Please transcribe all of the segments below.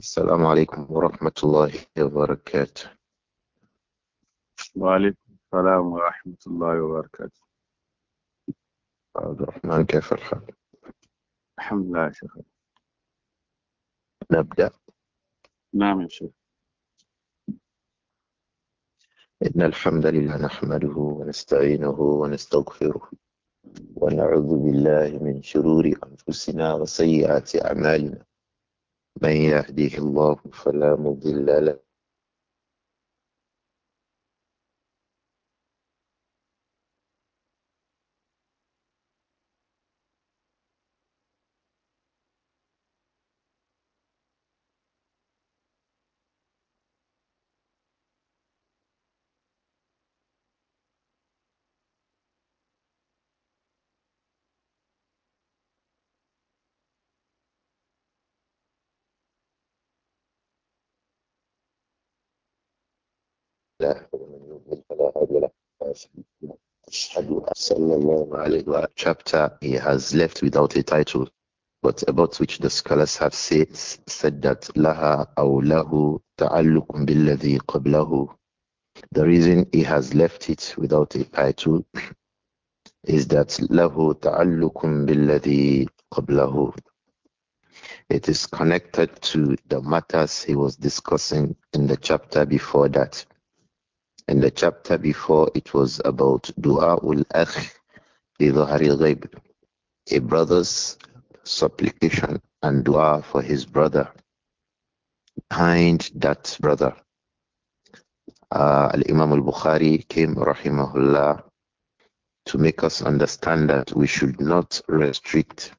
السلام عليكم ورحمة الله وبركاته وعليكم السلام ورحمة الله وبركاته عبد الرحمن كيف الحال؟ الحمد لله يا شيخ نبدأ نعم يا شيخ إن الحمد لله نحمده ونستعينه ونستغفره ونعوذ بالله من شرور أنفسنا وسيئات أعمالنا من يهده الله فلا مضل له chapter he has left without a title, but about which the scholars have say, said that laha aw lahu ta'alluqun billadhi qablahu. The reason he has left it without a title is that lahu taallukum billadhi qablahu. It is connected to the matters he was discussing in the chapter before that. In the chapter before, it was about dua ul akh a brother's supplication and dua for his brother behind that brother uh, imam al-bukhari came rahimahullah to make us understand that we should not restrict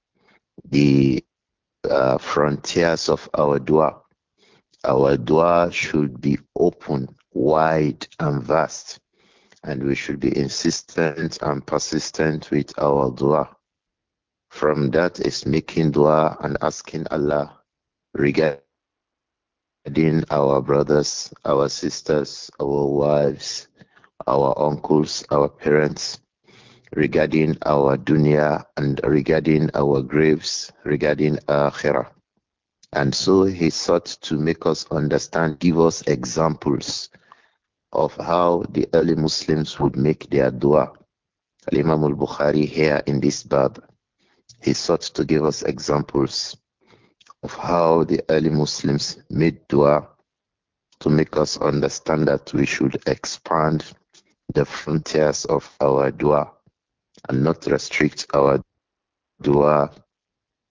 the uh, frontiers of our dua our dua should be open wide and vast and we should be insistent and persistent with our dua. From that is making dua and asking Allah regarding our brothers, our sisters, our wives, our uncles, our parents, regarding our dunya and regarding our graves, regarding akhirah. And so he sought to make us understand, give us examples of how the early Muslims would make their dua. Al Imam al Bukhari here in this bab, he sought to give us examples of how the early Muslims made dua to make us understand that we should expand the frontiers of our dua and not restrict our dua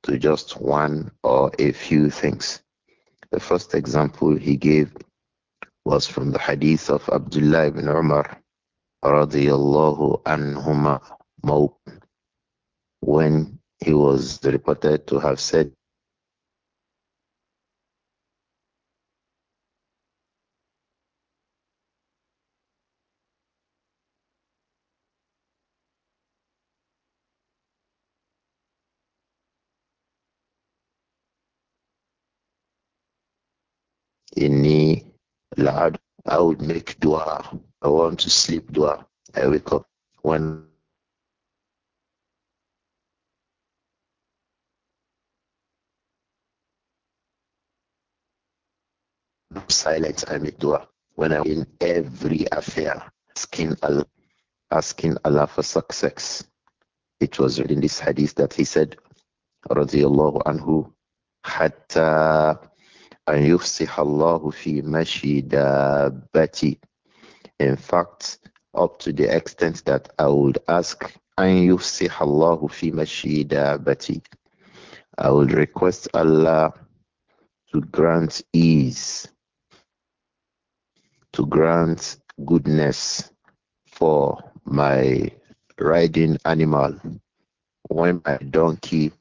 to just one or a few things. The first example he gave was from the hadith of Abdullah ibn Umar radiyallahu anhuma mawq when he was reported to have said إني Lord, I would make dua. I want to sleep dua. I wake up when silence. I make dua. When i win in every affair, asking Allah, asking Allah for success. It was in this hadith that he said, رضي anhu حتى and yufsih Allahu fi mashidabati. In fact, up to the extent that I would ask, an yufsih Allahu fi mashidabati. I would request Allah to grant ease, to grant goodness for my riding animal. When my donkey,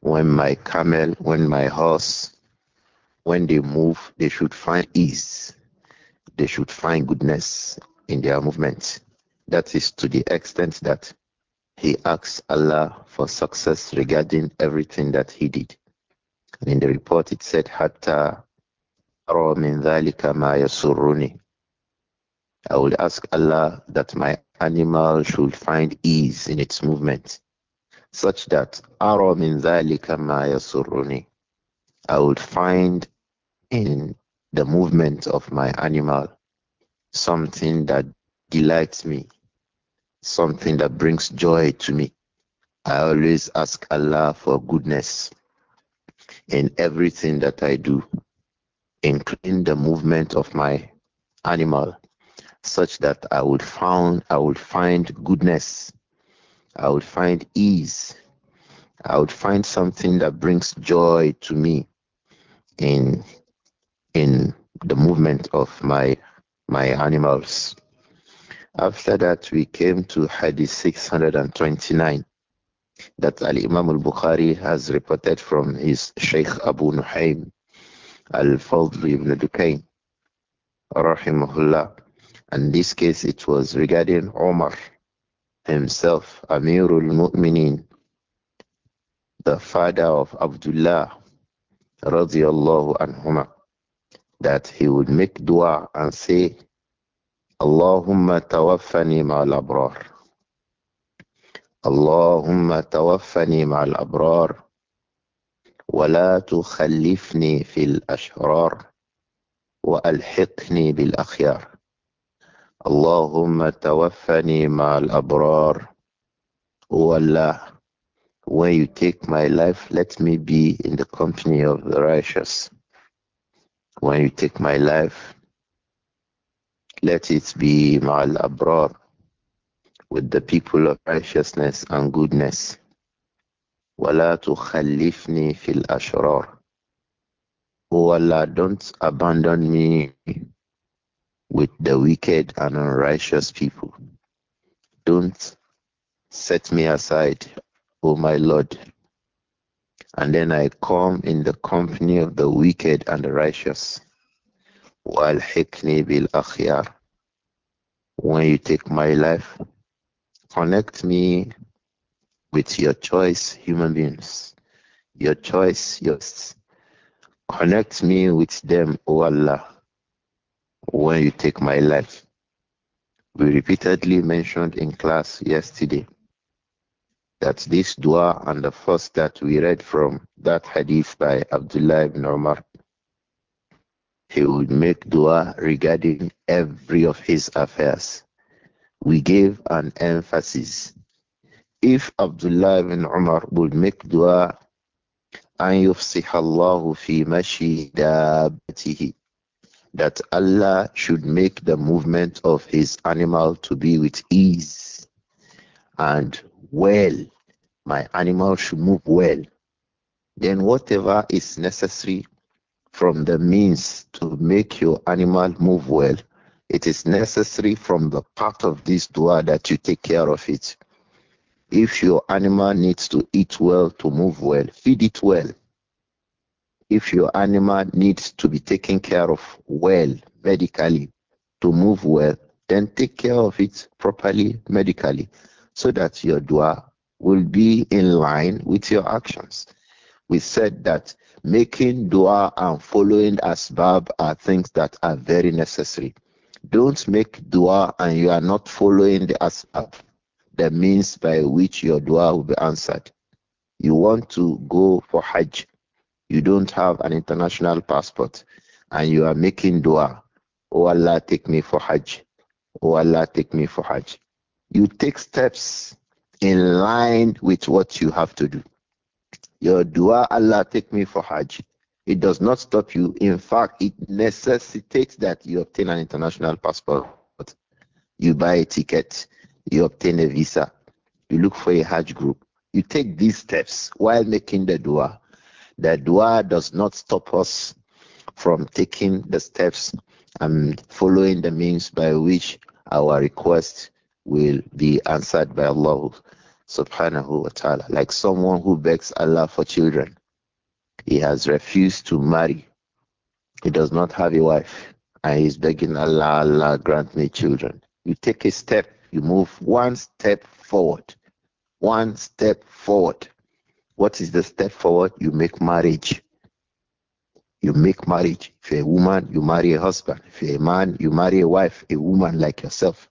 when my camel, when my horse, when they move, they should find ease. They should find goodness in their movement. That is to the extent that he asks Allah for success regarding everything that he did. And in the report, it said, Hatta min dhalika ma yasurruni. I will ask Allah that my animal should find ease in its movement, such that ara min dhalika ma yasurruni. I would find in the movement of my animal something that delights me, something that brings joy to me. I always ask Allah for goodness in everything that I do, including the movement of my animal, such that I would found I would find goodness, I would find ease, I would find something that brings joy to me in in the movement of my my animals. After that, we came to Hadith 629 that Al Imam al Bukhari has reported from his Sheikh Abu Nuhaym al Fadl ibn Dukayn, rahimahullah. and this case, it was regarding Omar himself, Amirul Mu'minin, the father of Abdullah radiallahu anhuma, that he would make dua and say, Allahumma tawaffani ma'al abrar. Allahumma tawaffani ma'al abrar. ولا تخلفني في الأشرار وألحقني بالأخيار اللهم توفني مع الأبرار ولا when you take my life, let me be in the company of the righteous. When you take my life, let it be my abrar, with the people of righteousness and goodness. وَلَا تُخَلِّفْنِي فِي الْأَشْرَارِ Oh Allah, don't abandon me with the wicked and unrighteous people. Don't set me aside O oh, my Lord. And then I come in the company of the wicked and the righteous. وَالْحِكْنِي بِالْأَخْيَارِ When you take my life, connect me with your choice human beings. Your choice, yours. Connect me with them, O Allah, when you take my life. We repeatedly mentioned in class yesterday that this dua and the first that we read from that hadith by Abdullah ibn Umar. He would make dua regarding every of his affairs. We gave an emphasis. If Abdullah ibn Umar would make dua, أن يفصح الله في مشي دابته that Allah should make the movement of his animal to be with ease and well. My animal should move well. Then whatever is necessary from the means to make your animal move well, it is necessary from the part of this dua that you take care of it. If your animal needs to eat well to move well, feed it well. If your animal needs to be taken care of well medically to move well, then take care of it properly medically so that your dua will be in line with your actions. We said that making dua and following asbab are things that are very necessary. Don't make dua and you are not following the asbab, the means by which your dua will be answered. You want to go for Hajj, you don't have an international passport, and you are making dua. Oh Allah, take me for Hajj. Oh Allah, take me for Hajj you take steps in line with what you have to do. Your dua, Allah, take me for Hajj. It does not stop you. In fact, it necessitates that you obtain an international passport. You buy a ticket. You obtain a visa. You look for a Hajj group. You take these steps while making the dua. The dua does not stop us from taking the steps and following the means by which our request will be answered by Allah subhanahu wa ta'ala. Like someone who begs Allah for children. He has refused to marry. He does not have a wife. And he's begging Allah, Allah grant me children. You take a step, you move one step forward. One step forward. What is the step forward? You make marriage. You make marriage. If you're a woman, you marry a husband. If you're a man, you marry a wife, a woman like yourself.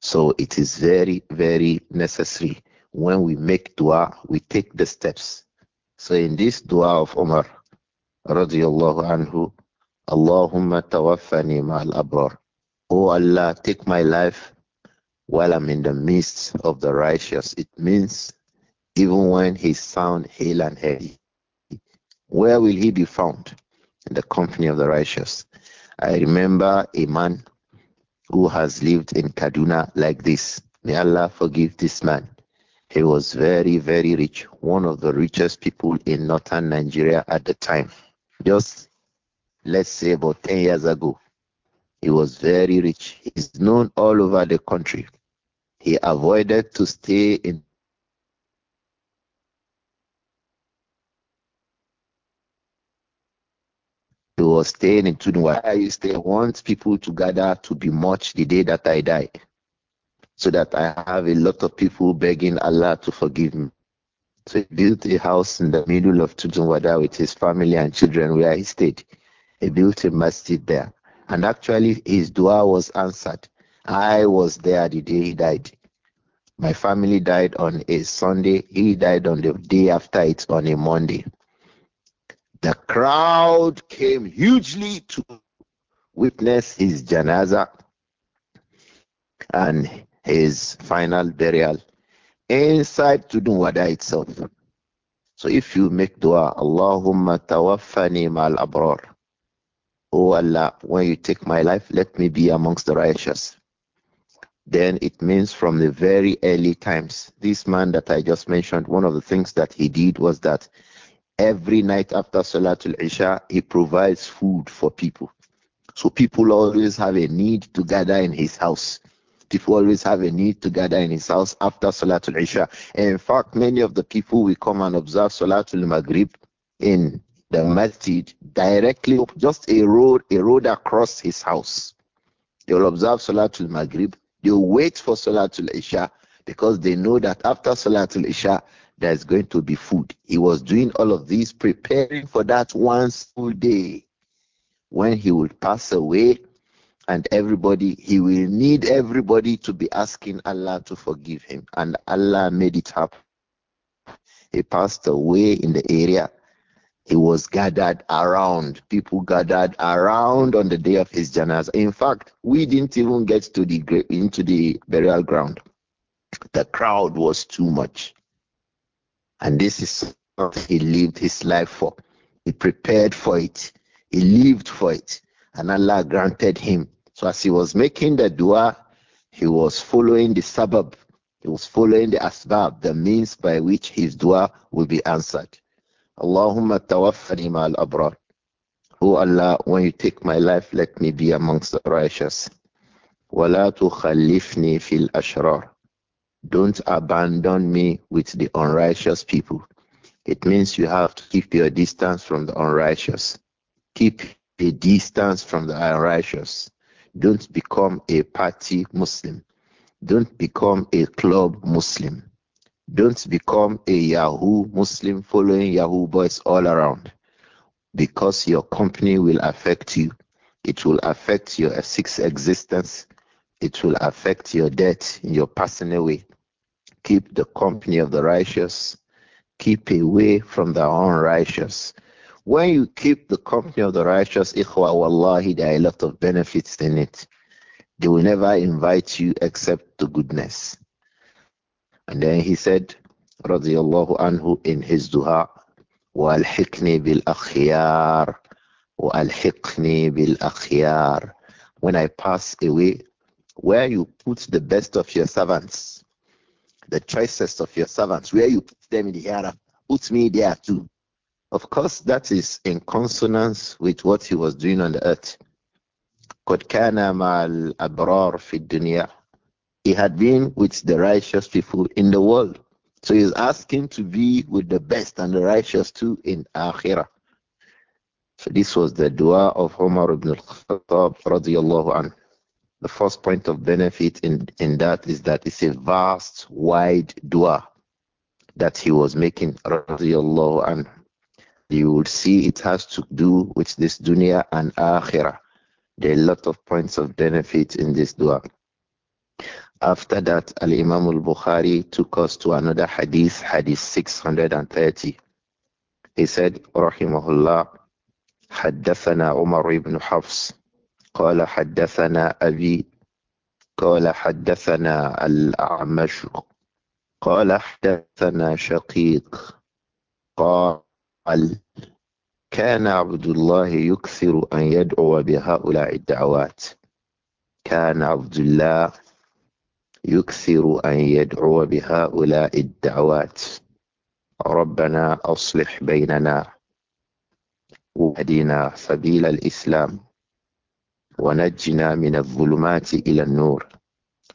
So it is very, very necessary. When we make dua, we take the steps. So in this dua of Umar, radiallahu anhu, Allahumma tawaffani ma'al abrar. Oh Allah, take my life while I'm in the midst of the righteous. It means even when he sound hale and heady. Where will he be found? In the company of the righteous. I remember a man who has lived in Kaduna like this. May Allah forgive this man. He was very, very rich, one of the richest people in northern Nigeria at the time. Just let's say about 10 years ago, he was very rich. He's known all over the country. He avoided to stay in was staying in Tunua. I used to want people to gather to be much the day that I die, so that I have a lot of people begging Allah to forgive me. So he built a house in the middle of Tunwada with his family and children where he stayed. He built a masjid there. And actually, his dua was answered. I was there the day he died. My family died on a Sunday. He died on the day after it on a Monday. The crowd came hugely to witness his janaza and his final burial inside Tudun Wada itself. So if you make dua, Allahumma tawaffani mal abrar. Oh Allah, when you take my life, let me be amongst the righteous. Then it means from the very early times. This man that I just mentioned, one of the things that he did was that Every night after Salatul Isha, he provides food for people. So people always have a need to gather in his house. People always have a need to gather in his house after Salatul Isha. And in fact, many of the people will come and observe Salatul Maghrib in the masjid directly just a road, a road across his house. They will observe Salatul Maghrib. They will wait for Salatul Isha because they know that after Salatul Isha, there's going to be food. He was doing all of this, preparing for that one school day when he would pass away and everybody, he will need everybody to be asking Allah to forgive him. And Allah made it happen. He passed away in the area. He was gathered around. People gathered around on the day of his janazah. In fact, we didn't even get to the into the burial ground. The crowd was too much. And this is what he lived his life for. He prepared for it. He lived for it. And Allah granted him. So as he was making the dua, he was following the sabab. He was following the asbab, the means by which his dua will be answered. Allahumma tawaffani ma'al abrar. O oh Allah, when you take my life, let me be amongst the righteous. وَلَا تُخَلِّفْنِي فِي الْأَشْرَارِ don't abandon me with the unrighteous people. It means you have to keep your distance from the unrighteous. Keep a distance from the unrighteous. Don't become a party Muslim. Don't become a club Muslim. Don't become a Yahoo Muslim following Yahoo boys all around because your company will affect you. It will affect your sixth existence. It will affect your debt in your personal way keep the company of the righteous, keep away from the unrighteous. When you keep the company of the righteous, ikhwa wallahi, there are a lot of benefits in it. They will never invite you except to goodness. And then he said, radiyallahu anhu, in his dua, وَالْحِقْنِي بِالْأَخْيَارِ وَالْحِقْنِي بِالْأَخْيَارِ When I pass away, where you put the best of your servants, the choices of your servants, where you put them in the hereafter. Put me there too. Of course, that is in consonance with what he was doing on the earth. He had been with the righteous people in the world. So he's asking to be with the best and the righteous too in Akhirah. So this was the dua of Umar ibn al-Khattab radiyallahu anhu. The first point of benefit in, in that is that it's a vast, wide dua that he was making, and You will see it has to do with this dunya and akhirah. There are a lot of points of benefit in this dua. After that, Al Imam al Bukhari took us to another hadith, hadith 630. He said, Rahimahullah, حدثنا عمر بن حفص قال حدثنا أبي قال حدثنا الأعمش قال حدثنا شقيق قال كان عبد الله يكثر أن يدعو بهؤلاء الدعوات كان عبد الله يكثر أن يدعو بهؤلاء الدعوات ربنا أصلح بيننا وهدينا سبيل الإسلام ونجنا من الظلمات إلى النور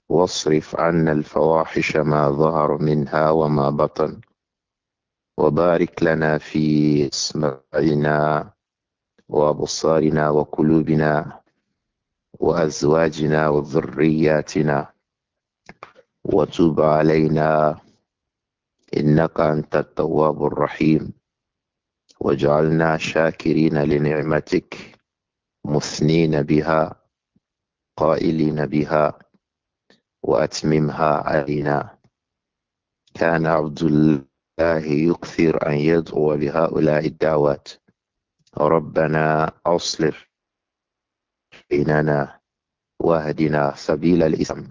واصرف عنا الفواحش ما ظهر منها وما بطن وبارك لنا في سمعنا وابصارنا وقلوبنا وازواجنا وذرياتنا وتوب علينا انك انت التواب الرحيم واجعلنا شاكرين لنعمتك مثنين بها قائلين بها وأتممها علينا كان عبد الله يكثر أن يدعو بهؤلاء الدعوات ربنا أصلح بيننا واهدنا سبيل الإسلام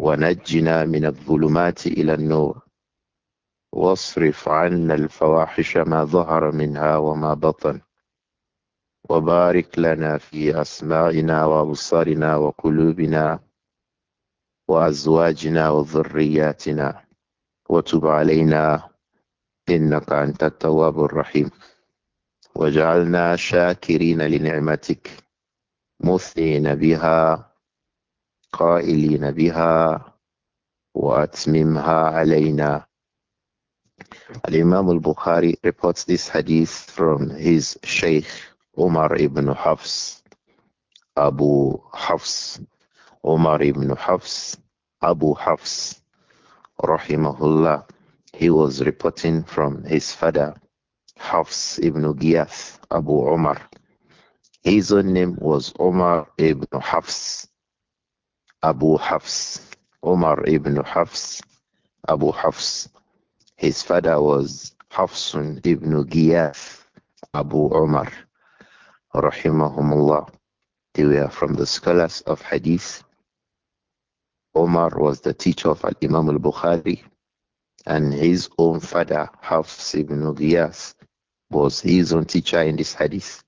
ونجنا من الظلمات إلى النور واصرف عنا الفواحش ما ظهر منها وما بطن وبارك لنا في أسماعنا وأبصارنا وقلوبنا وأزواجنا وذرياتنا وتب علينا إنك أنت التواب الرحيم وجعلنا شاكرين لنعمتك مثنين بها قائلين بها وأتممها علينا Al-Imam al-Bukhari reports this hadith from his Shaykh Umar ibn Hafs, Abu Hafs, Umar ibn Hafs, Abu Hafs, rahimahullah. He was reporting from his father, Hafs ibn Giyath, Abu Omar. His own name was Omar ibn Hafs, Abu Hafs, Omar ibn Hafs, Abu Hafs. His father was Hafsun ibn Giyath, Abu Omar rahimahumullah. They were from the scholars of hadith. Omar was the teacher of Imam al-Bukhari and his own father, Hafs ibn Ghiyas, was his own teacher in this hadith.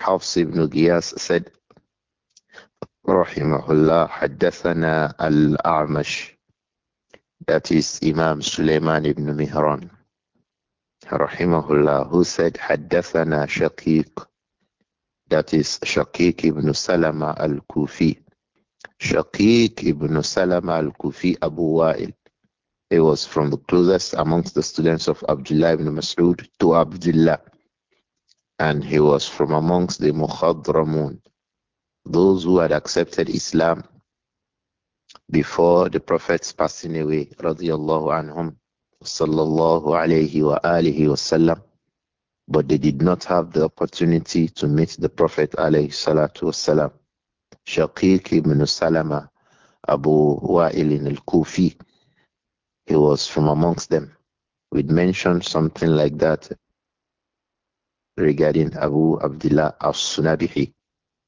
Hafs ibn Ghiyas said, Rahimahullah haddathana al-A'mash, that is Imam Sulaiman ibn Mihran. Rahimahullah, who said, haddathana Shaqiq, that is Shaqiq ibn Salama al-Kufi. Shaqiq ibn Salama al-Kufi Abu Wa'il. He was from the closest amongst the students of Abdullah ibn Mas'ud to Abdullah. And he was from amongst the Mukhadramun, those who had accepted Islam before the Prophet's passing away, radiallahu anhum, sallallahu alayhi wa alihi wasallam but they did not have the opportunity to meet the Prophet alayhi salatu wasalam. Shaqiq ibn Salama Abu Wa'il al-Kufi. He was from amongst them. We'd mentioned something like that regarding Abu Abdullah al-Sunabihi,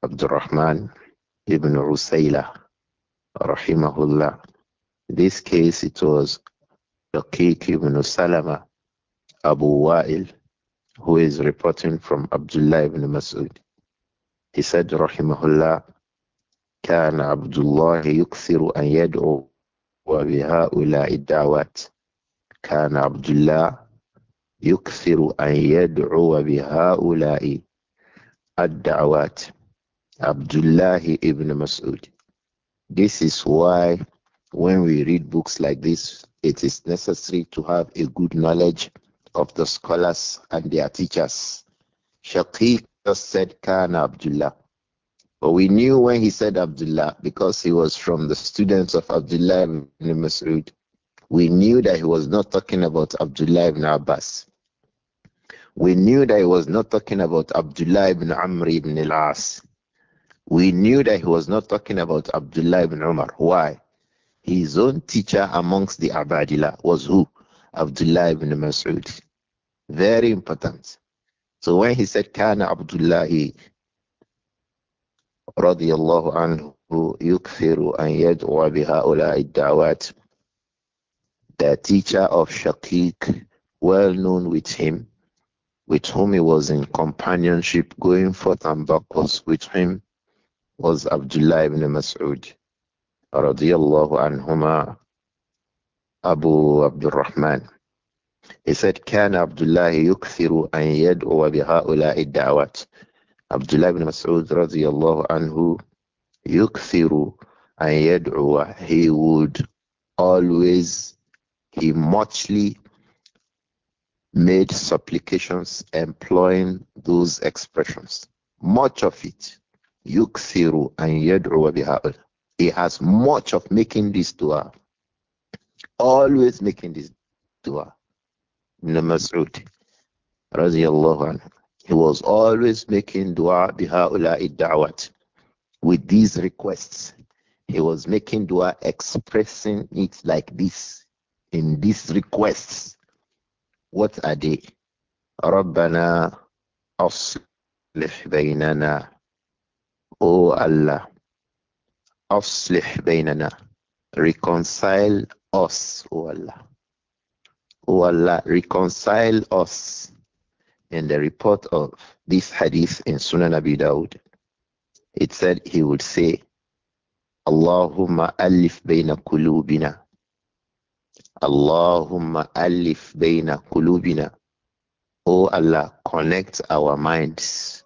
Abdurrahman ibn Usayla, rahimahullah. In this case, it was Shaqiq ibn Salama Abu Wa'il who is reporting from Abdullah ibn Mas'ud. He said, Rahimahullah, كان عبد الله يكثر أن يدعو وبهؤلاء الدعوات كان عبد الله يكثر أن يدعو بهؤلاء الدعوات عبد الله ibn Mas'ud. This is why when we read books like this, it is necessary to have a good knowledge of the scholars and their teachers. Shaqiq just said Khan Abdullah. But we knew when he said Abdullah because he was from the students of Abdullah ibn Mas'ud. We knew that he was not talking about Abdullah ibn Abbas. We knew that he was not talking about Abdullah ibn Amr ibn al-As. We knew that he was not talking about Abdullah ibn Umar. Why? His own teacher amongst the Abadila was who? Abdullah ibn Mas'ud. Very important. So when he said Kana Abdullahi radiallahu anhu yukthiru an yad'a biha'ula'i da'wat the teacher of Shaqiq, well known with him, with whom he was in companionship, going forth and backwards with him, was Abdullah ibn Mas'ud, radiallahu anhuma. Abu Abdurrahman. He said, كان عبد الله يكثر أن يدعو بهؤلاء الدعوات. Abdullah ibn Mas'ud radiallahu anhu, يكثر أن يدعو. He would always, he muchly made supplications employing those expressions. Much of it, يكثر أن يدعو بهؤلاء. He has much of making this dua always making this dua. Ibn Mas'ud, radiallahu anhu, he was always making dua biha'ula'i da'wat. With these requests, he was making dua expressing it like this, in these requests. What are they? Rabbana aslih بيننا O Allah aslih بيننا reconcile us, O Allah. O Allah, reconcile us in the report of this hadith in Sunan Abi Dawud. It said he would say, Allahumma alif bayna kulubina. Allahumma alif bayna kulubina. O Allah, connect our minds,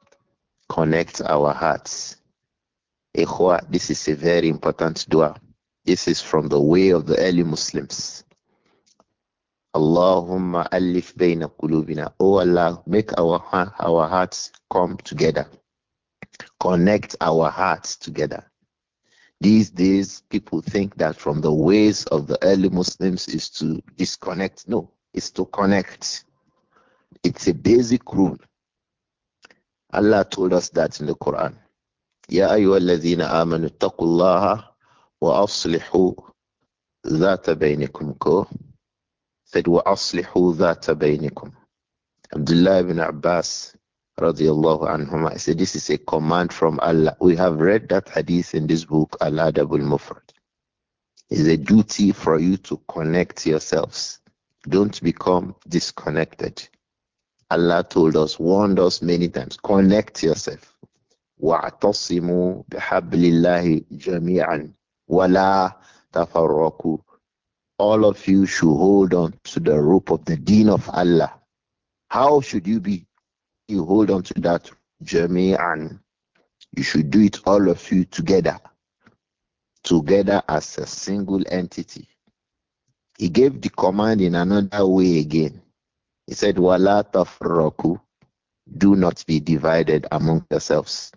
connect our hearts. Ikhwa, this is a very important dua. This is from the way of the early Muslims. Allahumma alif bayna kulubina, Oh Allah, make our, our hearts come together. Connect our hearts together. These days, people think that from the ways of the early Muslims is to disconnect. No, it's to connect. It's a basic rule. Allah told us that in the Quran. Ya ayyuhalladhina amanu taqullaha وأصلحوا ذات بينكم كو said وأصلحوا ذات بينكم Abdullah ibn Abbas radiallahu الله I said this is a command from Allah we have read that hadith in this book Al-Adab al-Mufrad it's a duty for you to connect yourselves don't become disconnected Allah told us, warned us many times, connect yourself. وَاعْتَصِمُوا بِحَبْلِ اللَّهِ جَمِيعًا Wala tafarraku. All of you should hold on to the rope of the deen of Allah. How should you be? You hold on to that journey and you should do it all of you together. Together as a single entity. He gave the command in another way again. He said, Wala tafarraku. Do not be divided among yourselves.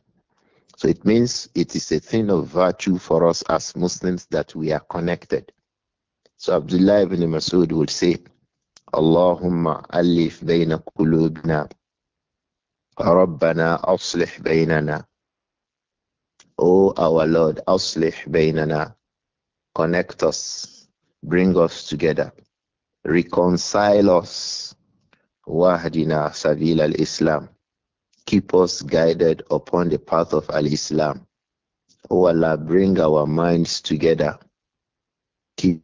So it means it is a thing of virtue for us as Muslims that we are connected. So Abdullah ibn Masud would say, Allahumma alif bayna kulubna, Rabbana aslih baynana O our Lord, aslih baynana Connect us, bring us together, reconcile us, wahdina sabil al-Islam keep us guided upon the path of Al Islam. O oh Allah, bring our minds together. Keep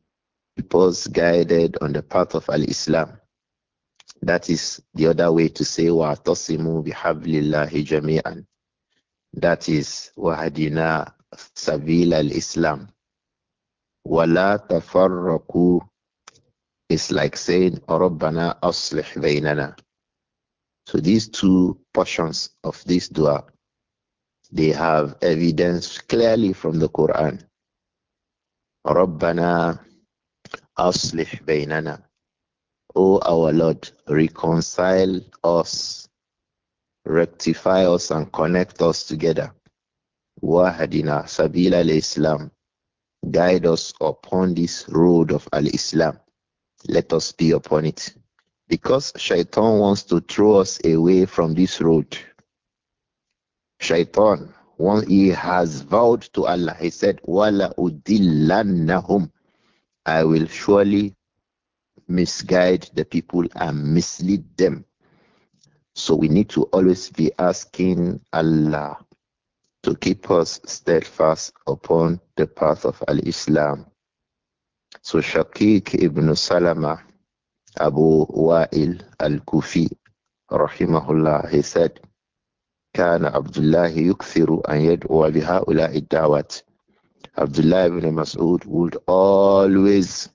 us guided on the path of Al Islam. That is the other way to say wa tasimu bihablillahi jami'an. That is wahadina sabil al Islam. Wala tafarraku is like saying Rabbana aslih bainana. So these two portions of this dua, they have evidence clearly from the Quran. رَبَّنَا أَصْلِحْ بَيْنَنَا O our Lord, reconcile us, rectify us and connect us together. Wahadina Sabila al-Islam. Guide us upon this road of al-Islam. Let us be upon it. Because shaitan wants to throw us away from this road. Shaitan, once he has vowed to Allah, he said, Wala udillannahum. I will surely misguide the people and mislead them. So we need to always be asking Allah to keep us steadfast upon the path of Al Islam. So Shaqiq ibn Salama Abu Wa'il al-Kufi rahimahullah, he said, كان عبد الله يكثر أن يدعو بهؤلاء الدعوات. Abdullah ibn Mas'ud would always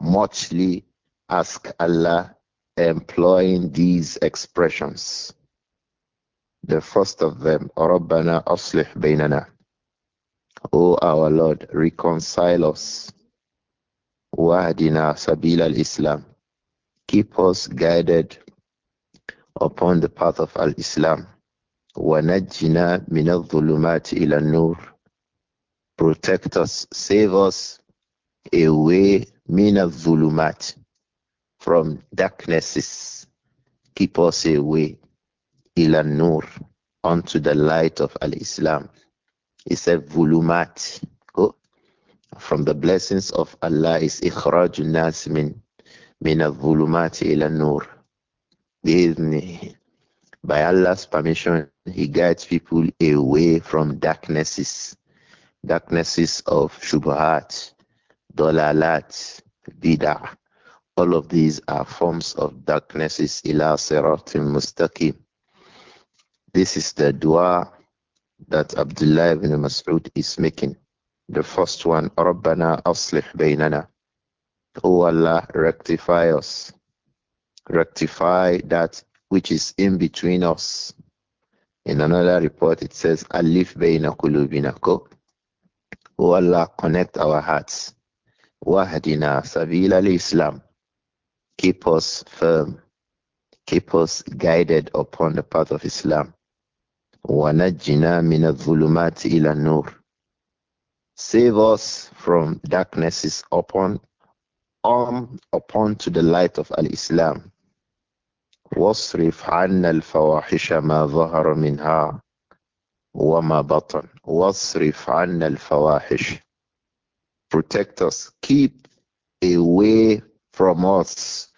muchly ask Allah employing these expressions. The first of them, رَبَّنَا أَصْلِحْ بَيْنَنَا O our Lord, reconcile us. وَهْدِنَا سَبِيلَ الْإِسْلَامِ keep us guided upon the path of Al Islam. وَنَجِّنَا مِنَ الظُّلُمَاتِ إِلَى النُّورِ Protect us, save us away مِنَ الظُّلُمَاتِ From darknesses, keep us away إِلَى النُّورِ Unto the light of Al-Islam. Is a zulumat Oh. From the blessings of Allah is إِخْرَاجُ النَّاسِ مِنْ من الظلمات إلى النور بإذنه by Allah's permission he guides people away from darknesses darknesses of shubhat dalalat bidah all of these are forms of darknesses ila siratin mustaqim this is the dua that Abdullah ibn Mas'ud is making the first one ربنا أصلح baynana. O oh Allah, rectify us. Rectify that which is in between us. In another report, it says, Alif bayna kulubinako. O Allah, connect our hearts. Wahdina Al islam Keep us firm. Keep us guided upon the path of Islam. Wanajina mina dhulumati ila nur. Save us from darknesses upon Arm upon to the light of Al Islam. واصرف عنا الفواحش ما ظهر منها وما بطن واصرف عنا الفواحش protect us keep away from us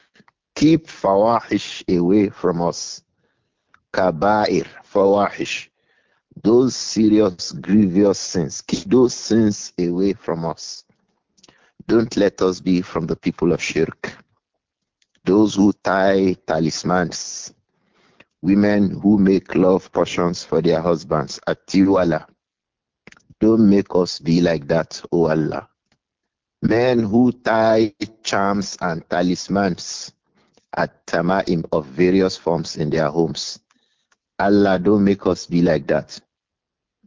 keep fawahish away from us kabair fawahish those serious grievous sins keep those sins away from us don't let us be from the people of shirk. Those who tie talismans, women who make love potions for their husbands, atiwala. Don't make us be like that, O Allah. Men who tie charms and talismans at tamaim of various forms in their homes. Allah, don't make us be like that.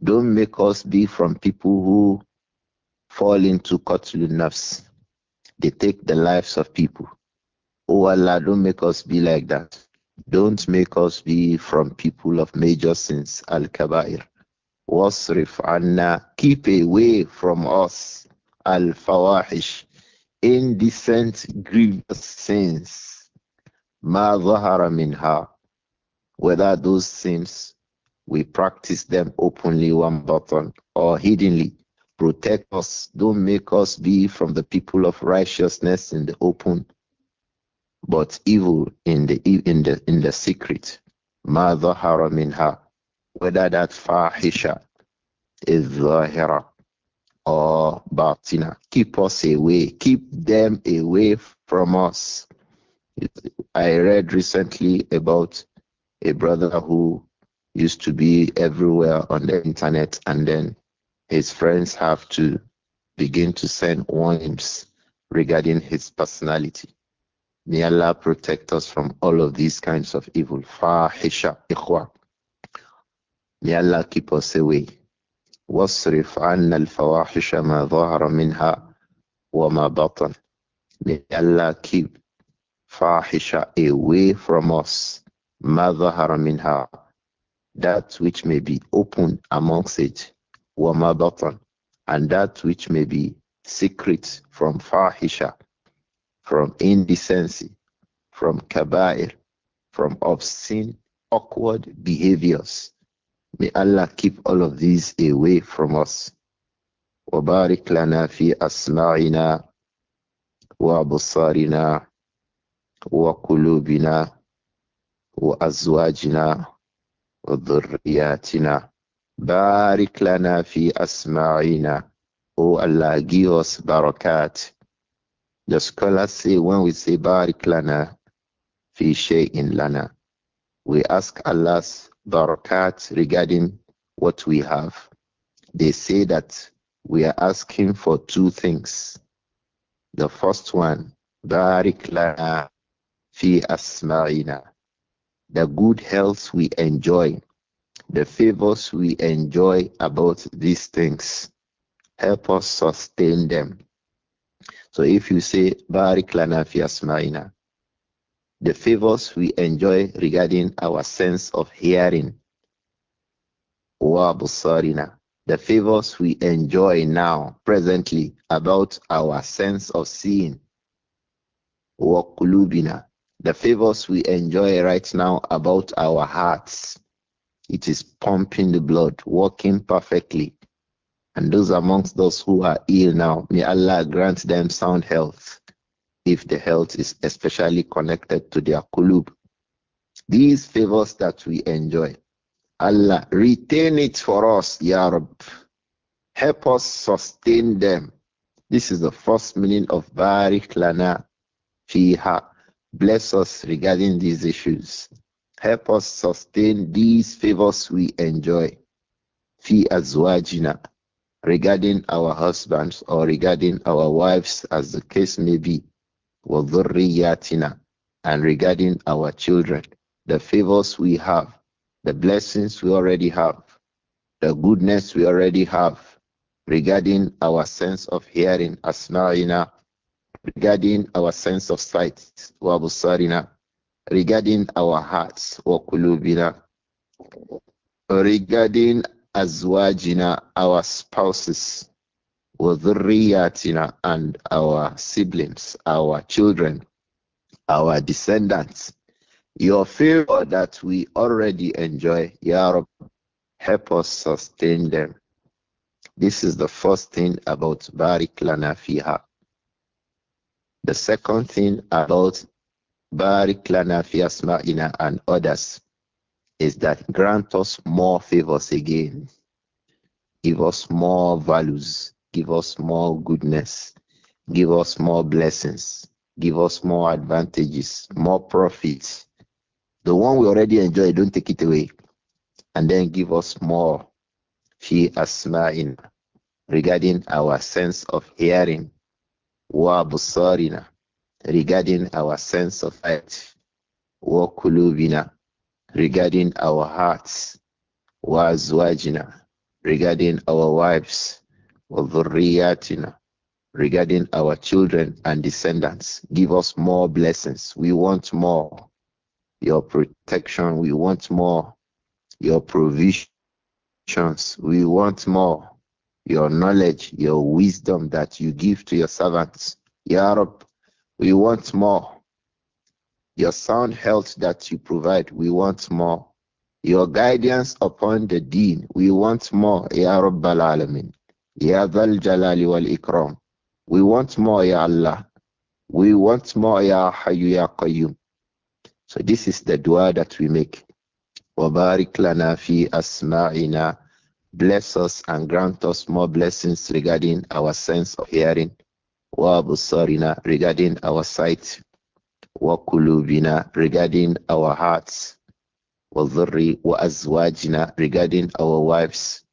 Don't make us be from people who fall into Qatlu Nafs. They take the lives of people. Oh Allah, don't make us be like that. Don't make us be from people of major sins, Al Kabair. Wasrif anna, keep away from us, Al Fawahish, indecent, grievous sins. Ma zahara minha, whether those sins we practice them openly one button or hiddenly Protect us. Don't make us be from the people of righteousness in the open, but evil in the in the in the secret. Ma dhahara minha. Whether that fahisha is zahira or batina. Keep us away. Keep them away from us. I read recently about a brother who used to be everywhere on the internet and then his friends have to begin to send warnings regarding his personality. May Allah protect us from all of these kinds of evil. May Allah keep us away. واصرف عنا الفواحش ما ظهر منها وما بطن. May Allah keep fahisha away from us. ما ظهر منها. That which may be open amongst it وَمَا And that which may be secret from fahisha, from indecency, from kabair, from obscene, awkward behaviors. May Allah keep all of these away from us. وبارك لنا في أسماعنا وأبصارنا وقلوبنا وأزواجنا وذرياتنا Barik lana fi asma'ina. O Allah, give us barakat. The scholars say when we say barik lana fi shay'in lana, we ask Allah's barakat regarding what we have. They say that we are asking for two things. The first one, barik lana fi asma'ina. The good health we enjoy the favors we enjoy about these things. Help us sustain them. So if you say, Barik lana fi the favors we enjoy regarding our sense of hearing, wa busarina, the favors we enjoy now, presently, about our sense of seeing, wakulubina. the favors we enjoy right now about our hearts, it is pumping the blood, working perfectly. And those amongst those who are ill now, may Allah grant them sound health, if the health is especially connected to their kulub. These favors that we enjoy, Allah, retain it for us, Ya Rab. Help us sustain them. This is the first meaning of Barik Lana Fiha. Bless us regarding these issues. Help us sustain these favors we enjoy. Fi azwajina, regarding our husbands or regarding our wives, as the case may be. Wadhurriyatina, and regarding our children. The favors we have, the blessings we already have, the goodness we already have, regarding our sense of hearing, asma'ina, regarding our sense of sight, wabusarina, regarding our hearts, وَقُلُوبِنَا regarding azwajina, our spouses, وَذُرِّيَّاتِنَا and our siblings, our children, our descendants. Your favor that we already enjoy, Ya help us sustain them. This is the first thing about Barik Lana Fiha. The second thing about Barik lana fi asma'ina and others is that grant us more favors again. Give us more values. Give us more goodness. Give us more blessings. Give us more advantages, more profits. The one we already enjoy, don't take it away. And then give us more fi asma'in regarding our sense of hearing wa busarina regarding our sense of right, wakulubina, regarding our hearts, wazwajina, regarding our wives, wadhurriyatina, regarding our children and descendants. Give us more blessings. We want more. Your protection, we want more. Your provisions, we want more. Your knowledge, your wisdom that you give to your servants. Ya we want more. Your sound health that you provide, we want more. Your guidance upon the deen, we want more, Ya Rabbal Alamin. Ya Dhal Jalali wal Ikram. We want more, Ya Allah. We want more, Ya Hayyu Ya Qayyum. So this is the dua that we make. وَبَارِكْ لَنَا فِي أَسْمَاعِنَا Bless us and grant us more blessings regarding our sense of hearing regarding our sight, regarding our hearts, wa azwajina regarding our wives,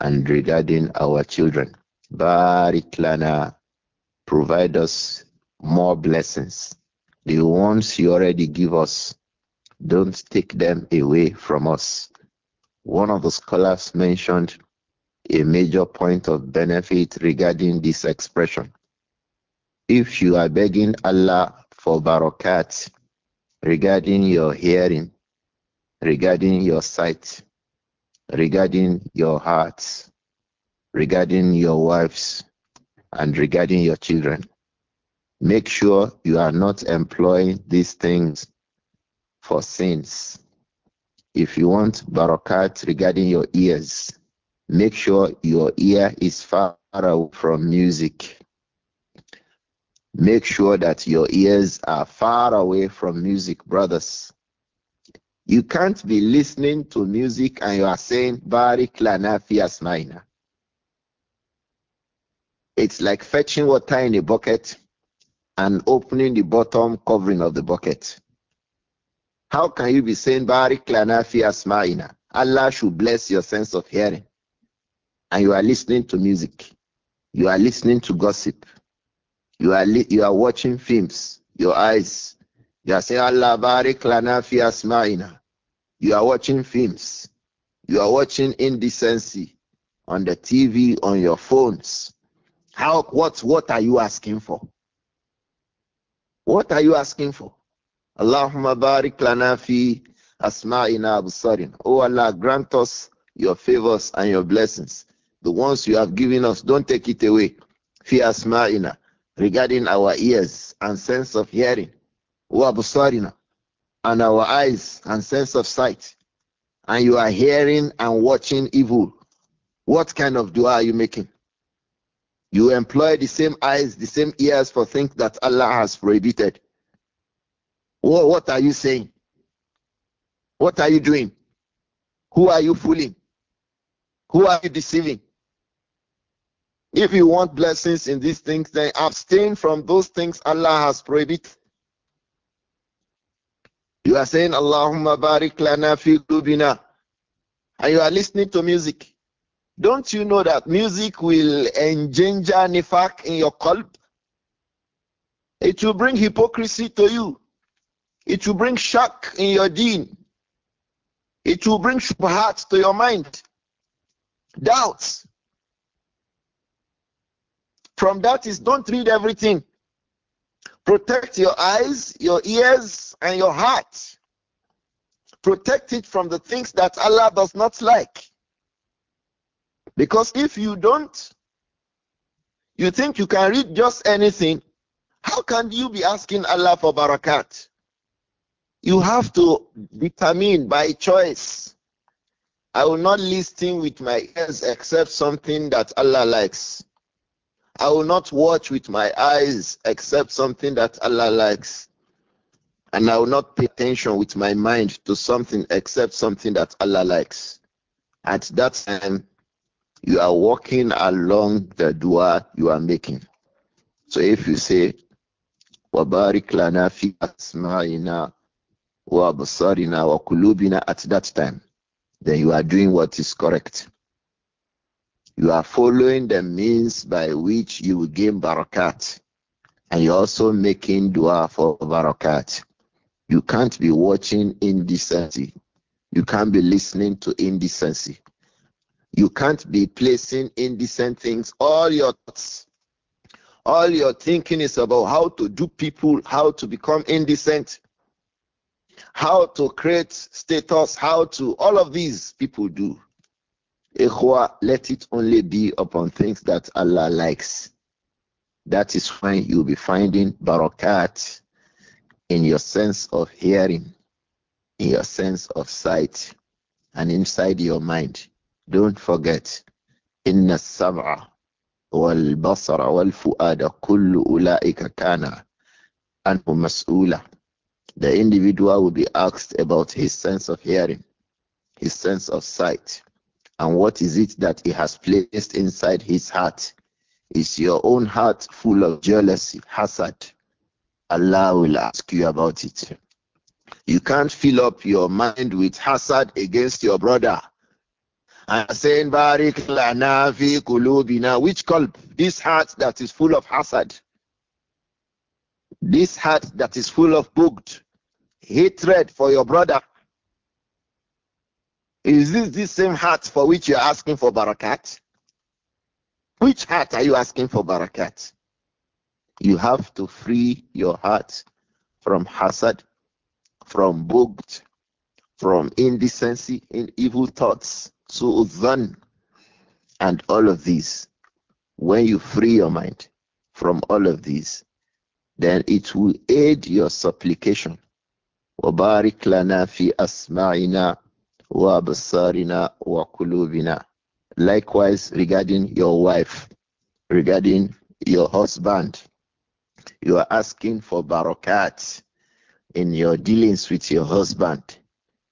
and regarding our children. Barik lana, provide us more blessings. The ones you already give us, don't take them away from us. One of the scholars mentioned a major point of benefit regarding this expression. If you are begging Allah for barakat regarding your hearing, regarding your sight, regarding your hearts, regarding your wives, and regarding your children, make sure you are not employing these things for sins. If you want barakat regarding your ears, Make sure your ear is far away from music. Make sure that your ears are far away from music, brothers. You can't be listening to music and you are saying, Bari lana fi asmaina. It's like fetching water in a bucket and opening the bottom covering of the bucket. How can you be saying, Bari lana fi asmaina? Allah should bless your sense of hearing and you are listening to music, you are listening to gossip, you are you are watching films, your eyes, you are saying Allah barik lana fi asma'ina. You are watching films, you are watching indecency on the TV, on your phones. How what what are you asking for? What are you asking for? Allahumma barik lana fi asma'ina absarin. Oh Allah, grant us your favors and your blessings. The ones you have given us, don't take it away. Fi asma'ina, regarding our ears and sense of hearing. Wa and our eyes and sense of sight. And you are hearing and watching evil. What kind of dua are you making? You employ the same eyes, the same ears for things that Allah has prohibited. what are you saying? What are you doing? Who are you fooling? Who are you deceiving? If you want blessings in these things, then abstain from those things Allah has prohibited. You are saying, Allahumma barik lana fi qulubina. And you are listening to music. Don't you know that music will engender nifaq in your qalb? It will bring hypocrisy to you. It will bring shock in your deen. It will bring shubhat to your mind. Doubts. From that is don't read everything. Protect your eyes, your ears, and your heart. Protect it from the things that Allah does not like. Because if you don't, you think you can read just anything, how can you be asking Allah for barakat? You have to determine by choice. I will not listen with my ears except something that Allah likes. I will not watch with my eyes except something that Allah likes. And I will not pay attention with my mind to something except something that Allah likes. At that time, you are walking along the dua you are making. So if you say, وَبَارِكْ لَنَا فِي أَسْمَعِنَا وَأَبْصَارِنَا وَقُلُوبِنَا At that time, then you are doing what is correct. You are following the means by which you will gain barakat. And you're also making dua for barakat. You can't be watching indecency. You can't be listening to indecency. You can't be placing indecent things. All your thoughts, all your thinking is about how to do people, how to become indecent, how to create status, how to all of these people do let it only be upon things that Allah likes. That is when you'll be finding barakat in your sense of hearing, in your sense of sight, and inside your mind. Don't forget, inna sab'a wal basara wal fu'ada kullu ula'ika kana anhu mas'ula. The individual will be asked about his sense of hearing, his sense of sight, and what is it that he has placed inside his heart? Is your own heart full of jealousy, hazard? Allah will ask you about it. You can't fill up your mind with hazard against your brother. And saying, Barik lana fi kulubina, which called This heart that is full of hazard. This heart that is full of booked hatred for your brother is this the same heart for which you're asking for barakat? Which heart are you asking for barakat? You have to free your heart from hazard, from bugged, from indecency and evil thoughts, then, and all of these. When you free your mind from all of these, then it will aid your supplication. وبارك لنا في أسماعنا Likewise regarding your wife, regarding your husband, you are asking for barakat in your dealings with your husband.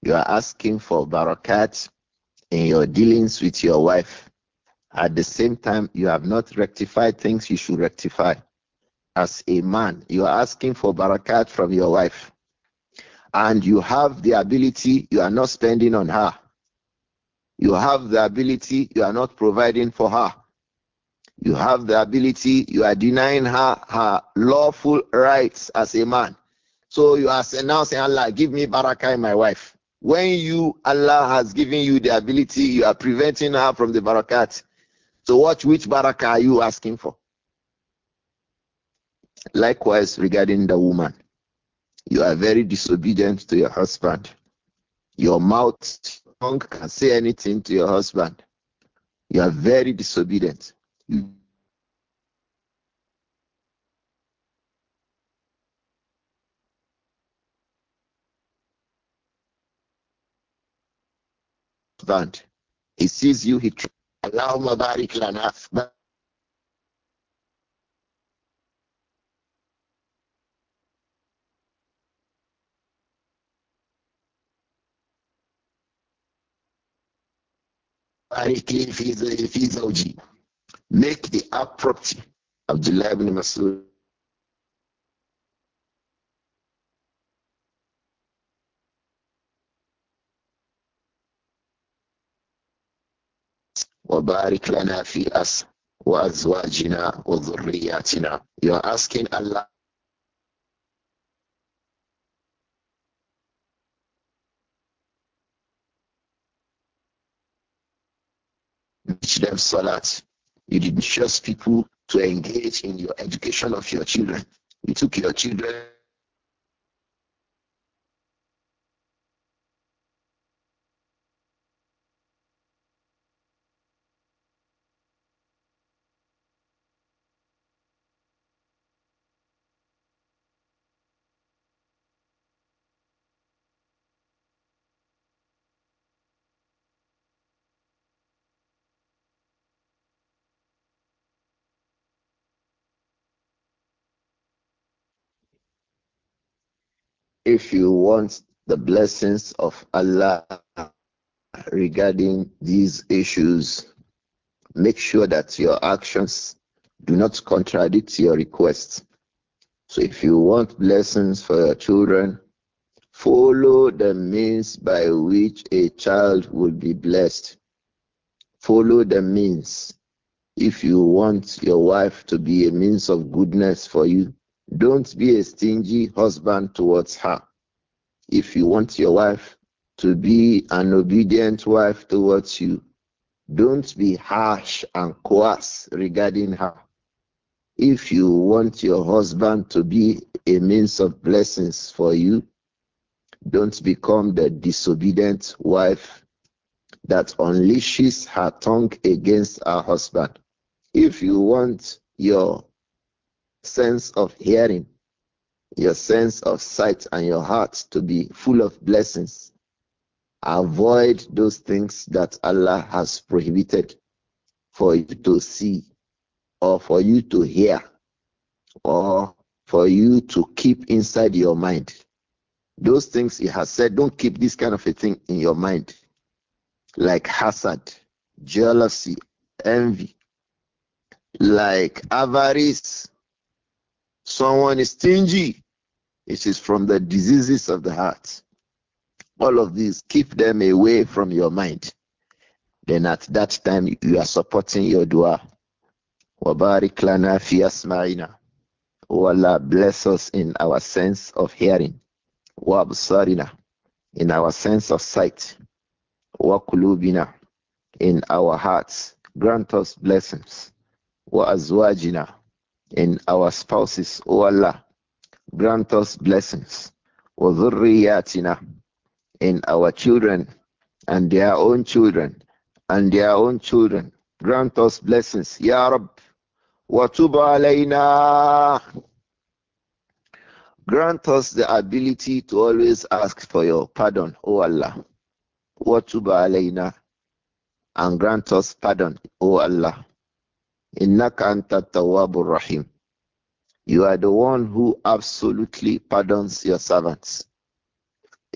You are asking for barakat in your dealings with your wife. At the same time, you have not rectified things you should rectify. As a man, you are asking for barakat from your wife and you have the ability, you are not spending on her. You have the ability, you are not providing for her. You have the ability, you are denying her her lawful rights as a man. So you are now saying, Allah, give me barakah in my wife. When you, Allah has given you the ability, you are preventing her from the barakat. So what, which barakah are you asking for? Likewise regarding the woman. You are very disobedient to your husband. Your mouth, tongue can say anything to your husband. You are very disobedient. husband. He sees you, he tries. Bariki fi zawji. Make the appropriate Abdullah ibn Masud وبارك لنا في أس وأزواجنا وذرياتنا. You are asking Allah teach them salat. You didn't trust people to engage in your education of your children. You took your children if you want the blessings of Allah regarding these issues, make sure that your actions do not contradict your requests. So if you want blessings for your children, follow the means by which a child will be blessed. Follow the means. If you want your wife to be a means of goodness for you, don't be a stingy husband towards her. If you want your wife to be an obedient wife towards you, don't be harsh and coarse regarding her. If you want your husband to be a means of blessings for you, don't become the disobedient wife that unleashes her tongue against her husband. If you want your sense of hearing, your sense of sight, and your heart to be full of blessings. Avoid those things that Allah has prohibited for you to see, or for you to hear, or for you to keep inside your mind. Those things He has said, don't keep this kind of a thing in your mind, like hazard, jealousy, envy, like avarice, Someone is stingy. It is from the diseases of the heart. All of these, keep them away from your mind. Then at that time, you are supporting your dua. Wabarik lana fi asma'ina. O Allah, bless us in our sense of hearing. Wabsarina. In our sense of sight. Wakulubina. In our hearts. Grant us blessings. Wa azwajina and our spouses, O oh Allah. Grant us blessings. وَذُرِّيَّاتِنَا and our children and their own children and their own children. Grant us blessings. Ya Rab. وَتُبْ alayna, Grant us the ability to always ask for your pardon, O oh Allah. وَتُبْ alayna, And grant us pardon, O oh Allah. Innaka anta tawwabur rahim. You are the one who absolutely pardons your servants.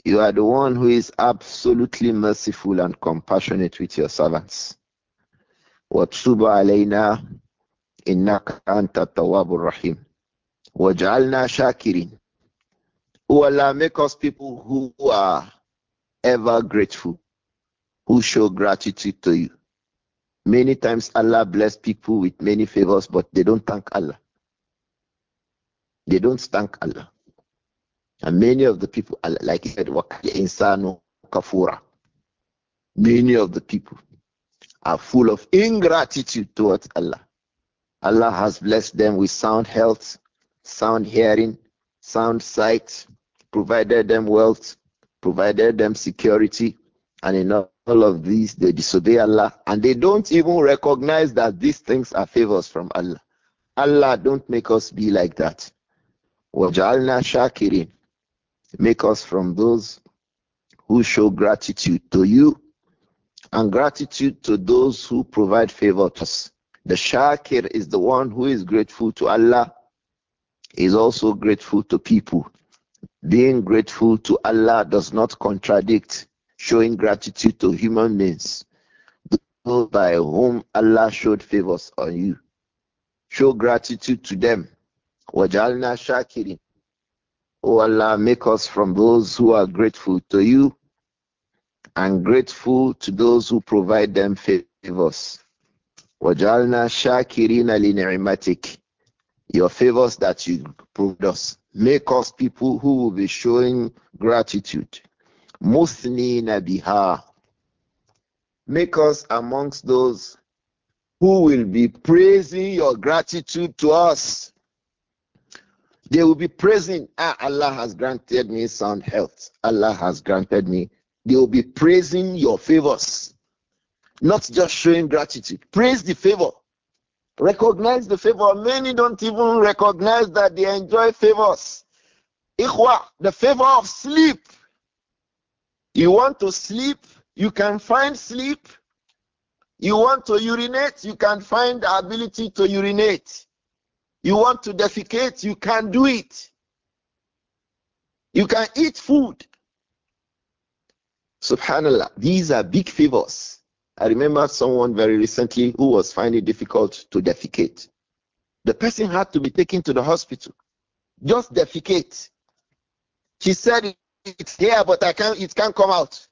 You are the one who is absolutely merciful and compassionate with your servants. alayna inna إِنَّكَ anta التَّوَّابُ rahim. Wajalna shakirin. O Allah, make us people who are ever grateful, who show gratitude to you. Many times Allah bless people with many favors, but they don't thank Allah. They don't thank Allah. And many of the people, like he said, insanu kafura. Many of the people are full of ingratitude towards Allah. Allah has blessed them with sound health, sound hearing, sound sight, provided them wealth, provided them security, and enough all of these, they disobey Allah, and they don't even recognize that these things are favors from Allah. Allah, don't make us be like that. Wajalna shakirin. Make us from those who show gratitude to you and gratitude to those who provide favor to us. The shakir is the one who is grateful to Allah, is also grateful to people. Being grateful to Allah does not contradict showing gratitude to human beings, those by whom Allah showed favors on you. Show gratitude to them. Wajalna shakirin. O Allah, make us from those who are grateful to you and grateful to those who provide them favors. Wajalna shakirina lini'matik. Your favors that you proved us. Make us people who will be showing gratitude Musnina biha. Make us amongst those who will be praising your gratitude to us. They will be praising, ah, Allah has granted me sound health. Allah has granted me. They will be praising your favors, not just showing gratitude. Praise the favor. Recognize the favor. Many don't even recognize that they enjoy favors. Ikhwa, the favor of sleep. You want to sleep, you can find sleep. You want to urinate, you can find the ability to urinate. You want to defecate, you can do it. You can eat food. Subhanallah, these are big favors. I remember someone very recently who was finding difficult to defecate. The person had to be taken to the hospital. Just defecate. She said it's here, but I can't, it can't come out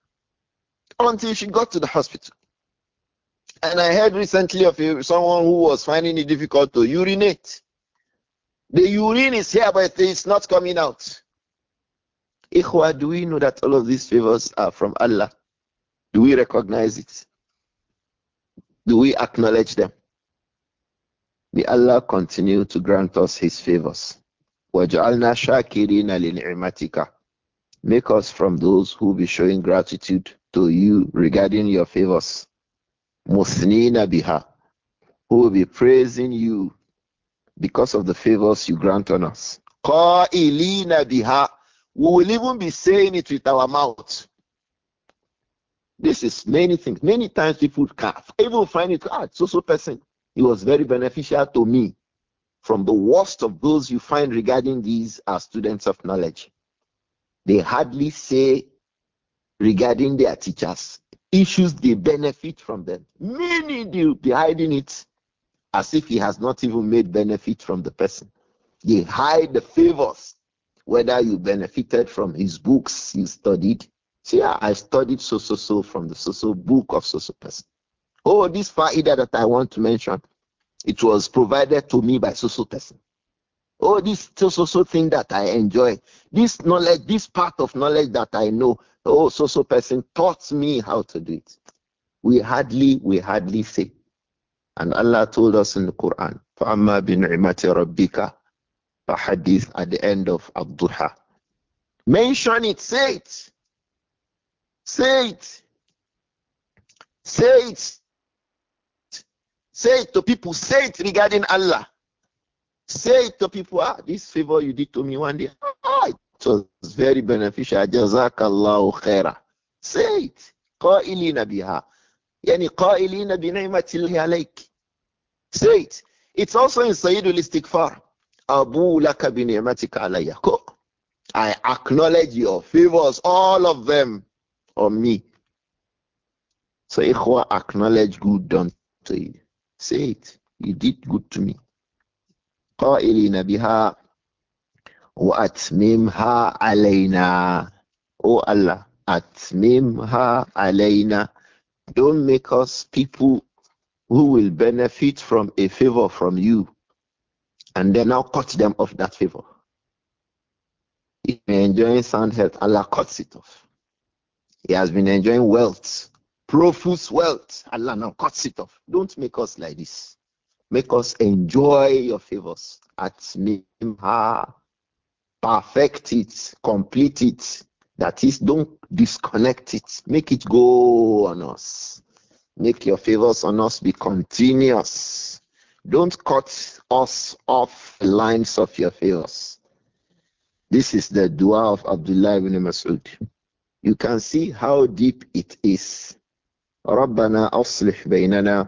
until she got to the hospital. And I heard recently of someone who was finding it difficult to urinate. The urine is here, but it's not coming out. Ikhwa, do we know that all of these favors are from Allah? Do we recognize it? Do we acknowledge them? May Allah continue to grant us His favors. وَجَعَلْنَا شَاكِرِينَ لِنِعْمَتِكَ Make us from those who be showing gratitude to you regarding your favors. Musnina biha, who will be praising you because of the favors you grant on us. Qa'ilina biha, we will even be saying it with our mouth. This is many things. Many times people can even find it hard. Ah, so so person, it was very beneficial to me. From the worst of those you find regarding these as students of knowledge. They hardly say regarding their teachers issues they benefit from them. Many do be hiding it as if he has not even made benefit from the person. They hide the favors, whether you benefited from his books you studied. See, I studied so so so from the so so book of so so person. Oh, this faida that I want to mention, it was provided to me by so so person. Oh, this so so so thing that I enjoy, this knowledge, this part of knowledge that I know, oh so so person taught me how to do it. We hardly we hardly say, and Allah told us in the Quran, فَأَمَّا بِنِعْمَةِ رَبِّكَ hadith at the end of Abduha. Mention it, say it, say it, say it, say it to people, say it regarding Allah. Say it to people, ah, this favor you did to me one day, ah, it was very beneficial. Jazakallahu khaira. Say it. قائلين biha. يعني قائلين بنعمة الله عليك Say it. It's also in Sayyid al-Istighfar. Abu laka binematika alayya. I acknowledge your favors, all of them, on me. So ikhwa, acknowledge good done to you. Say it. You did good to me. قائلين بها وأتممها علينا O Allah أتممها علينا Don't make us people who will benefit from a favor from you and then now cut them off that favor. If you're enjoying sound health, Allah cuts it off. He has been enjoying wealth, profuse wealth. Allah now cuts it off. Don't make us like this. Make us enjoy your favors. At Mimha. Perfect it, complete it. That is, don't disconnect it. Make it go on us. Make your favors on us be continuous. Don't cut us off lines of your favors. This is the dua of Abdullah ibn Mas'ud. You can see how deep it is. ربنا أصلح بيننا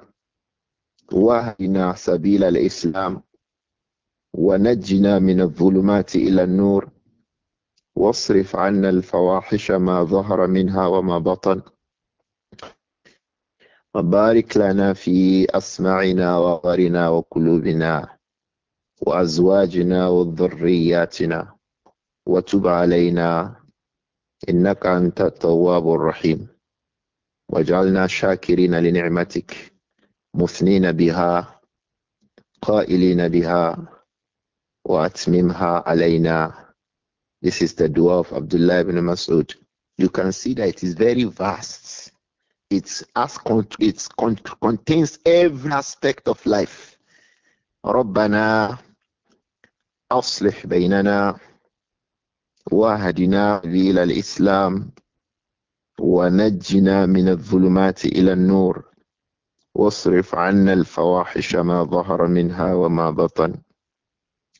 واهدنا سبيل الإسلام ونجنا من الظلمات إلى النور واصرف عنا الفواحش ما ظهر منها وما بطن وبارك لنا في أسماعنا وغرنا وقلوبنا وأزواجنا وذرياتنا وتب علينا إنك أنت التواب الرحيم واجعلنا شاكرين لنعمتك مثنين بها قائلين بها وأتممها علينا This is the dua of Abdullah ibn Mas'ud. You can see that it is very vast. It's as it contains every aspect of life. ربنا أصلح بيننا واهدنا إلى الإسلام ونجنا من الظلمات إلى النور واصرف عنا الفواحش ما ظهر منها وما بطن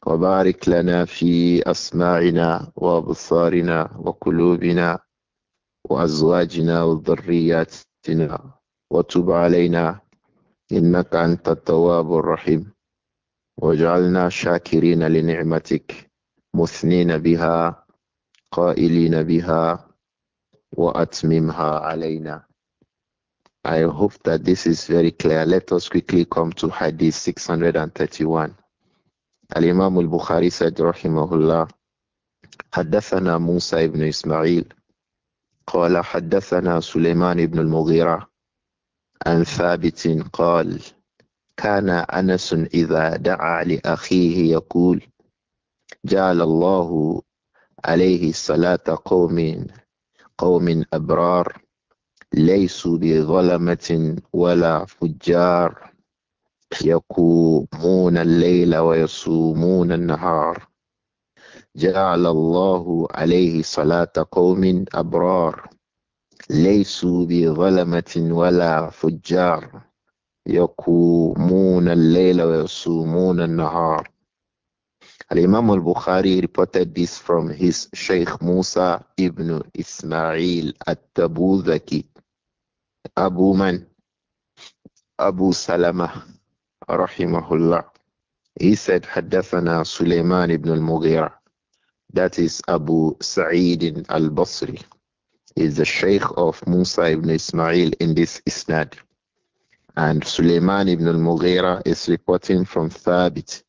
وبارك لنا في أسماعنا وأبصارنا وقلوبنا وأزواجنا وذرياتنا وتب علينا إنك أنت التواب الرحيم وجعلنا شاكرين لنعمتك مثنين بها قائلين بها وأتممها علينا I hope that this is very clear. Let us quickly come to Hadith 631. Al Bukhari said, Rahimahullah, Haddathana Musa ibn Ismail, Qala Haddathana Suleiman ibn al Mughira, and Thabitin Kana Anasun Ida da'a li Akhihi Yakul, Jalallahu alayhi salata qawmin, qawmin abrar. ليسوا بظلمة ولا فجار يقومون الليل ويصومون النهار جعل الله عليه صلاة قوم أبرار ليسوا بظلمة ولا فجار يقومون الليل ويصومون النهار Al-Imam al-Bukhari reported this from his Sheikh Musa ibn Ismail at-Tabuzaki Abu Man, Abu Salama, rahimahullah. He said, حدثنا Sulaiman ibn al That is Abu Sa'id al-Basri. Is the Sheikh of Musa ibn Ismail in this isnad. And Sulaiman ibn al-Mughira is reporting from Thabit.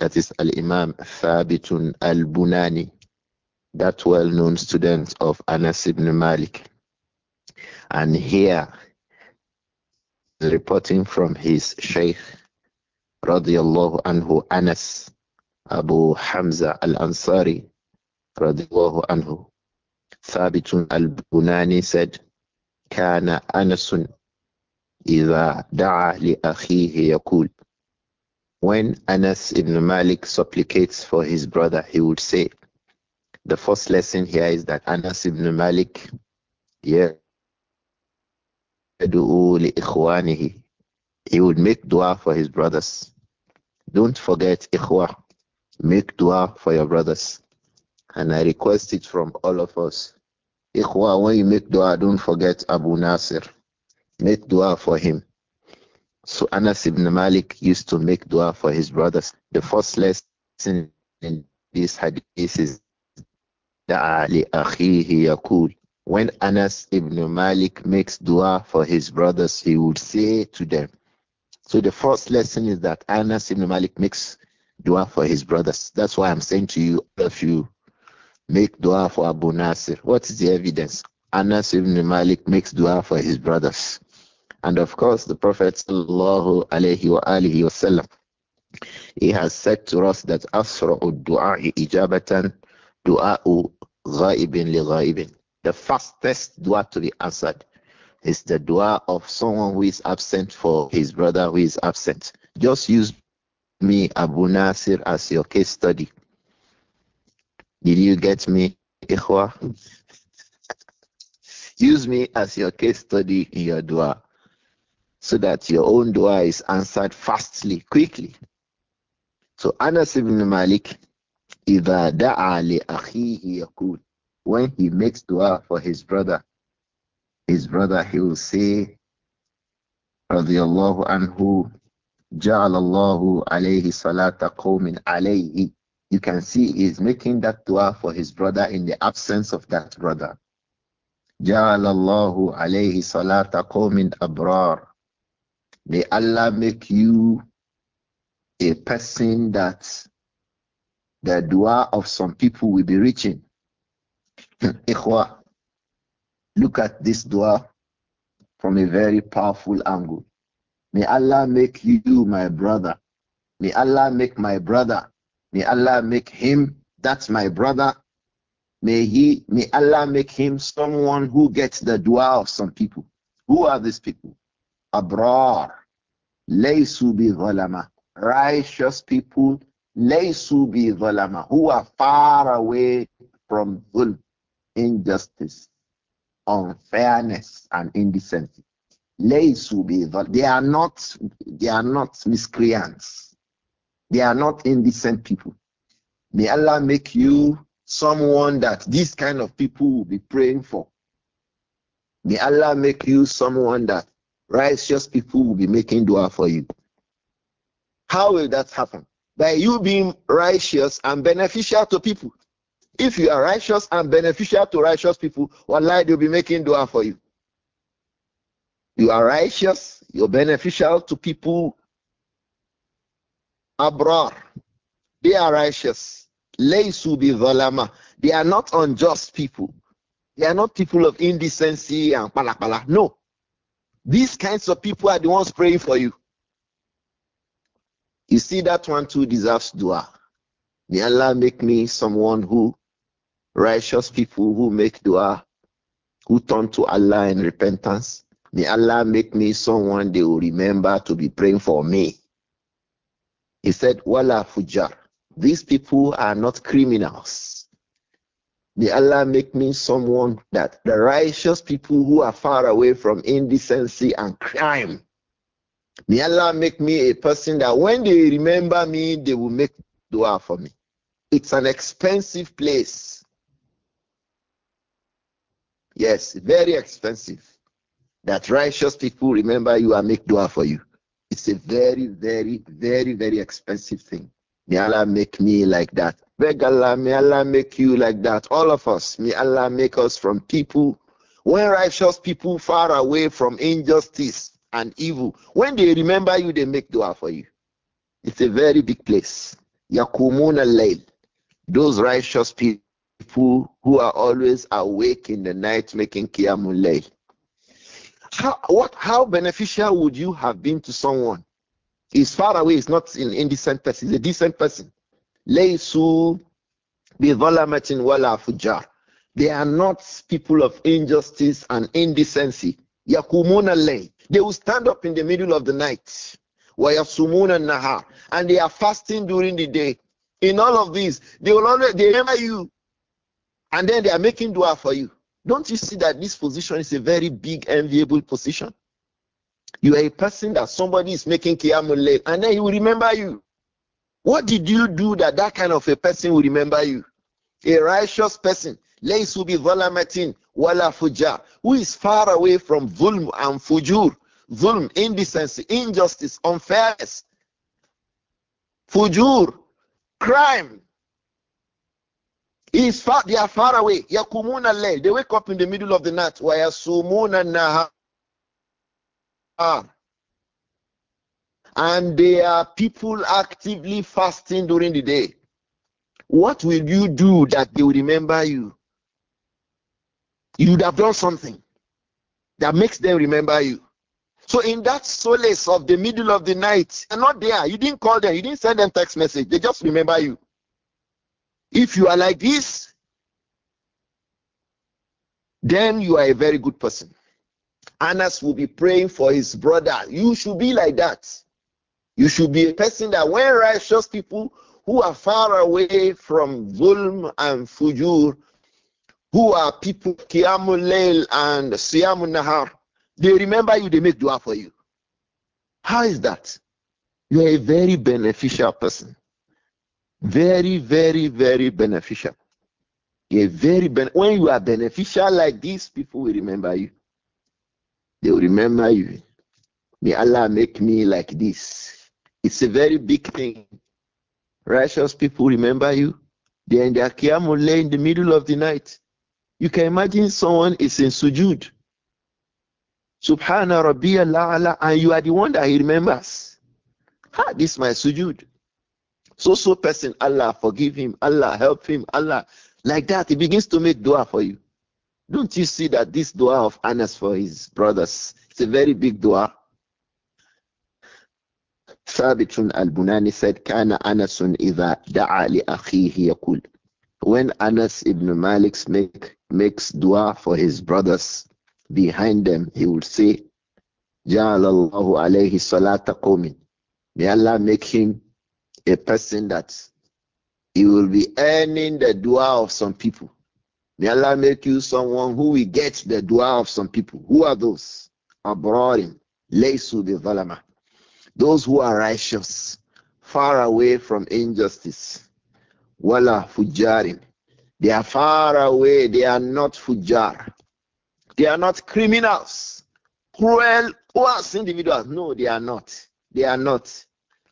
That is Al-Imam Thabitun al-Bunani. That well-known student of Anas ibn Malik And here, reporting from his Shaykh, Radiyallahu anhu, Anas, Abu Hamza al-Ansari, Radiyallahu anhu, Thabit al-Bunani said, كان أنس إذا دعا لأخيه يقول When Anas ibn Malik supplicates for his brother, he would say, the first lesson here is that Anas ibn Malik, yeah." He would make dua for his brothers. Don't forget ikhwa. Make dua for your brothers. And I request it from all of us. Ikhwa, when you make dua, don't forget Abu Nasir. Make dua for him. So Anas ibn Malik used to make dua for his brothers. The first lesson in this hadith is دعا لأخيه يقول when Anas ibn Malik makes dua for his brothers, he would say to them. So the first lesson is that Anas ibn Malik makes dua for his brothers. That's why I'm saying to you, if you, make dua for Abu Nasir. What is the evidence? Anas ibn Malik makes dua for his brothers. And of course, the Prophet sallallahu alayhi wa wasallam, he has said to us that asra'u du'a'i ijabatan du'a'u غَائِبٍ li the fastest dua to be answered is the dua of someone who is absent for his brother who is absent. Just use me, Abu Nasir, as your case study. Did you get me, Ikhwa? use me as your case study in your dua so that your own dua is answered fastly, quickly. So Anas ibn Malik, إذا دعا لأخيه يقول when he makes dua for his brother, his brother, he will say, radiallahu anhu, ja'alallahu alayhi salata qawmin alayhi. You can see he's making that dua for his brother in the absence of that brother. Ja'alallahu alayhi salata qawmin abrar. May Allah make you a person that the dua of some people will be reaching. look at this dua from a very powerful angle. May Allah make you my brother. May Allah make my brother. May Allah make him, that's my brother. May he, may Allah make him someone who gets the dua of some people. Who are these people? Abrar, laysu bi zalama. Righteous people, laysu bi zalama. Who are far away from zulm injustice, unfairness, and indecency. They are not they are not miscreants. They are not indecent people. May Allah make you someone that these kind of people will be praying for. May Allah make you someone that righteous people will be making dua for you. How will that happen? By you being righteous and beneficial to people. If you are righteous and beneficial to righteous people, wallahi, they'll be making dua for you. You are righteous, you're beneficial to people abroad. They are righteous. Laysu bi zalama. They are not unjust people. They are not people of indecency and palapala. No. These kinds of people are the ones praying for you. You see, that one too deserves dua. May Allah make me someone who righteous people who make dua, who turn to Allah in repentance. May Allah make me someone they will remember to be praying for me. He said, Wala Fujar. These people are not criminals. May Allah make me someone that the righteous people who are far away from indecency and crime. May Allah make me a person that when they remember me, they will make dua for me. It's an expensive place. Yes, very expensive. That righteous people remember you and make dua for you. It's a very, very, very, very expensive thing. May Allah make me like that. Beg Allah, may Allah make you like that. All of us, may Allah make us from people, when righteous people far away from injustice and evil, when they remember you, they make dua for you. It's a very big place. Yakumun al Those righteous people who, who are always awake in the night making kiamule? How, what, how beneficial would you have been to someone? He's far away, he's not an indecent person, he's a decent person. Laysu matin wala fujar. They are not people of injustice and indecency. يقومون lay. They will stand up in the middle of the night. ويصومون النهار. And they are fasting during the day. In all of these, they will always they remember you and then they are making dua for you. Don't you see that this position is a very big, enviable position? You are a person that somebody is making qiyamul layl, and then he will remember you. What did you do that that kind of a person will remember you? A righteous person, lays will be volamatin wala fuja, who is far away from vulm and fujur, vulm, indecency, injustice, unfairness, fujur, crime, is far, they are far away. Yakumuna le They wake up in the middle of the night. Wayasumuna nahar. And they are people actively fasting during the day. What will you do that they will remember you? You would have done something that makes them remember you. So in that solace of the middle of the night, and not there. You didn't call them. You didn't send them text message. They just remember you. If you are like this, then you are a very good person. Anas will be praying for his brother. You should be like that. You should be a person that when righteous people who are far away from zulm and fujur, who are people qiyamul layl and siyamun nahar, they remember you, they make dua for you. How is that? You are a very beneficial person. Very, very, very beneficial. A very ben- when you are beneficial like this, people will remember you. They will remember you. May Allah make me like this. It's a very big thing. Righteous people remember you. They're in their lay in the middle of the night. You can imagine someone is in sujud. Subhana Rabbi Allah, and you are the one that he remembers. Ha, this is my sujud. So, so person, Allah forgive him, Allah help him, Allah. Like that, he begins to make dua for you. Don't you see that this dua of Anas for his brothers, it's a very big dua. Sabitun al-Bunani said, "Kana Anasun iva daali لأخيه يقول When Anas ibn Malik make, makes dua for his brothers behind them, he will say, جعل الله عليه صلاة May Allah make him a person that he will be earning the dua of some people. May Allah make you someone who will get the dua of some people. Who are those? Abrarim, Laysu bi Those who are righteous, far away from injustice. Wala fujarin. They are far away. They are not fujar. They are not criminals, cruel, coarse individuals. No, they are not. They are not.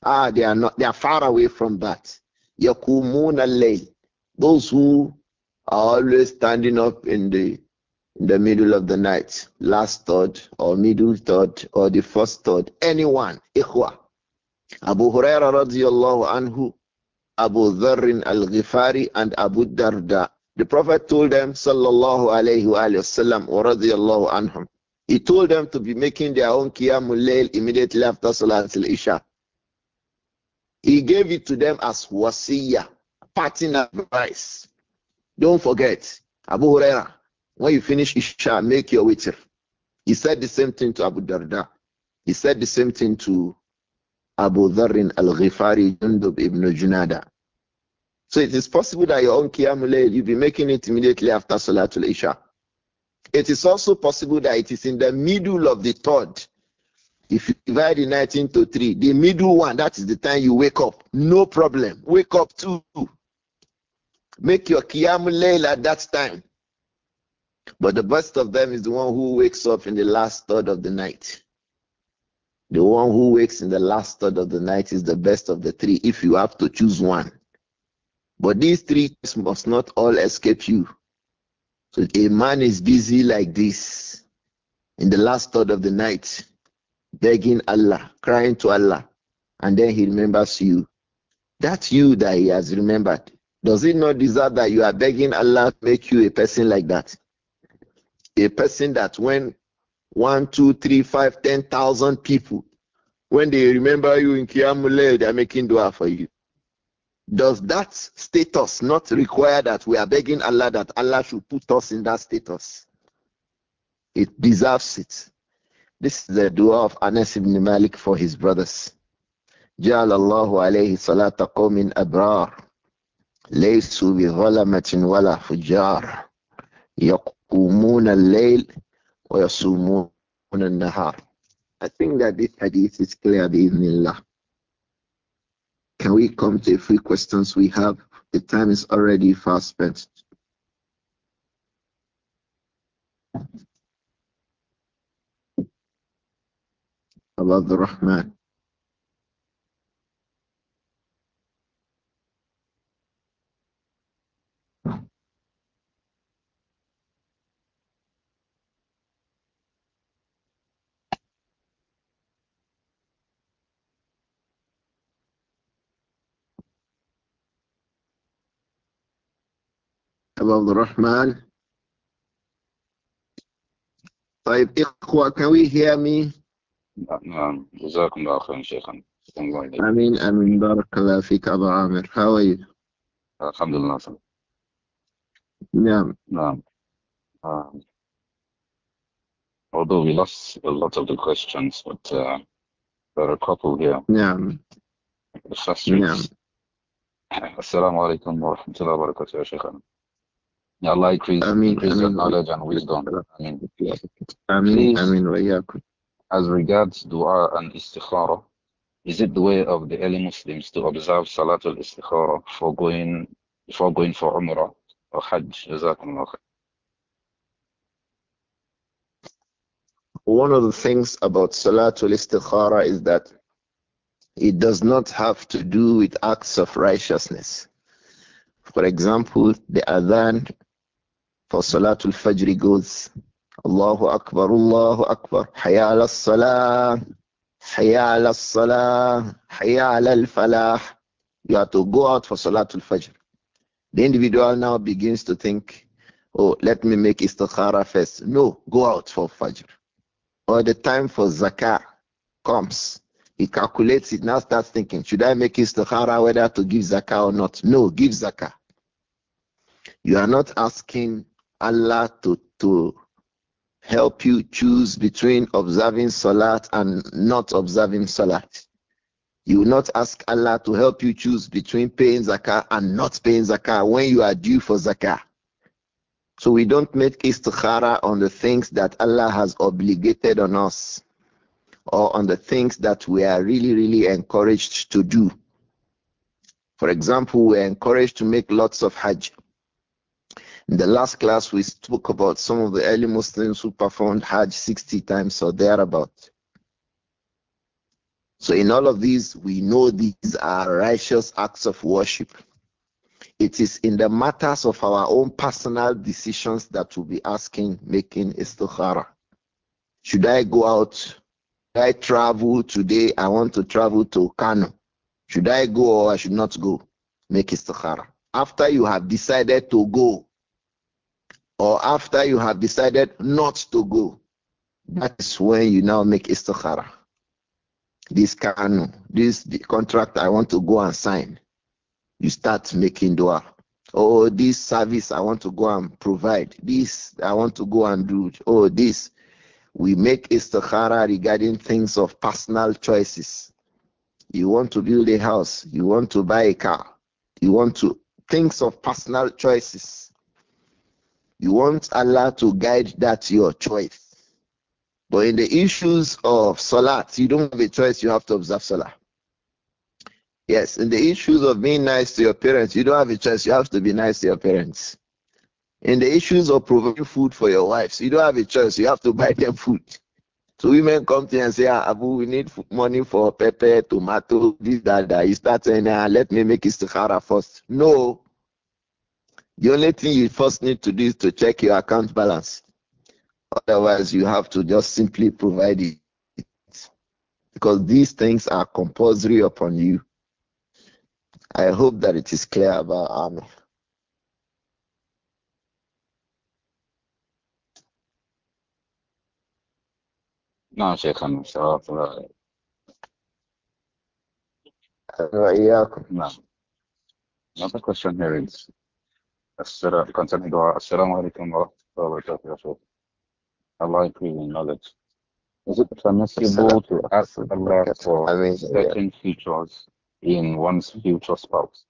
Ah, they are not, they are far away from that. Yakumun al Those who are always standing up in the in the middle of the night, last third or middle third or the first third, anyone, ikhwa. Abu Huraira radiallahu anhu, Abu Dharrin al-Ghifari and Abu Darda. The Prophet told them, sallallahu alayhi wa sallam, radiallahu anhum, he told them to be making their own qiyamul layl immediately after Salat al-Isha. He gave it to them as wasiyah, parting advice. Don't forget, Abu Huraira, when you finish Isha, make your witr. He said the same thing to Abu Darda. He said the same thing to Abu Dharrin al-Ghifari Jundub ibn Junada. So it is possible that your own Qiyamul you'll be making it immediately after Salatul Isha. It is also possible that it is in the middle of the third if you divide the night into three, the middle one, that is the time you wake up. No problem. Wake up too. Make your Qiyam Layl at that time. But the best of them is the one who wakes up in the last third of the night. The one who wakes in the last third of the night is the best of the three if you have to choose one. But these three must not all escape you. So a man is busy like this in the last third of the night begging Allah, crying to Allah, and then He remembers you. That's you that He has remembered. Does it not deserve that you are begging Allah to make you a person like that? A person that when one, two, three, five, ten thousand people, when they remember you in Qiyamulay, they are making dua for you. Does that status not require that we are begging Allah that Allah should put us in that status? It deserves it. This is the dua of Anas ibn Malik for his brothers. جعل الله عليه صلاة قوم أبرار ليسوا بظلمة ولا فجار يقومون الليل ويصومون النهار I think that this hadith is clear بإذن Can we come to a few questions we have? The time is already fast spent. عبد الرحمن أبو عبد الرحمن طيب إخوة can we hear me نعم جزاكم الله خيرا شيخنا امين امين بارك الله فيك ابو عامر how are you الحمد لله سلام. نعم نعم um, although we lost a lot of the questions but uh, there are a couple here نعم the first نعم السلام عليكم ورحمة الله وبركاته يا شيخنا May Allah increase, I mean, increase your knowledge and wisdom. I mean, I mean, please, I mean, as regards dua and istikhara, is it the way of the early Muslims to observe Salatul Istikhara for going, before going for Umrah or Hajj? One of the things about Salatul Istikhara is that it does not have to do with acts of righteousness. For example, the Adhan for Salatul Fajr goes Allahu Akbar, Allahu Akbar, Hayya ala salah, Hayya ala salah, Hayya ala al falah. You have to go out for Salatul Fajr. The individual now begins to think, oh, let me make istikhara first. No, go out for Fajr. Or the time for Zakah comes. He calculates it, now starts thinking, should I make istikhara whether to give Zakah or not? No, give Zakah. You are not asking Allah to, to help you choose between observing salat and not observing salat. You will not ask Allah to help you choose between paying zakah and not paying zakah when you are due for zakah. So we don't make istikhara on the things that Allah has obligated on us or on the things that we are really, really encouraged to do. For example, we are encouraged to make lots of hajj. In the last class, we spoke about some of the early Muslims who performed Hajj 60 times or thereabout. So, in all of these, we know these are righteous acts of worship. It is in the matters of our own personal decisions that we'll be asking, making istikhara. Should I go out? Should I travel today? I want to travel to Kano. Should I go or I should not go? Make istikhara. After you have decided to go, or after you have decided not to go, that's when you now make istikhara. This can, this contract I want to go and sign. You start making dua. Oh, this service I want to go and provide. This I want to go and do. Oh, this. We make istikhara regarding things of personal choices. You want to build a house. You want to buy a car. You want to things of personal choices you want Allah to guide that your choice. But in the issues of salat, you don't have a choice, you have to observe salah. Yes, in the issues of being nice to your parents, you don't have a choice, you have to be nice to your parents. In the issues of providing food for your wives, you don't have a choice, you have to buy them food. So women come to you and say, ah, Abu, we need money for pepper, tomato, this, that, that. You start saying, ah, let me make istikhara first. No, the only thing you first need to do is to check your account balance. Otherwise, you have to just simply provide it because these things are compulsory upon you. I hope that it is clear about Amen. نعم شيخنا ان شاء الله Another question here is Assalamu alaikum wa rahmatullahi Allah increase knowledge. Is it permissible to ask Allah for certain features in one's future spouse?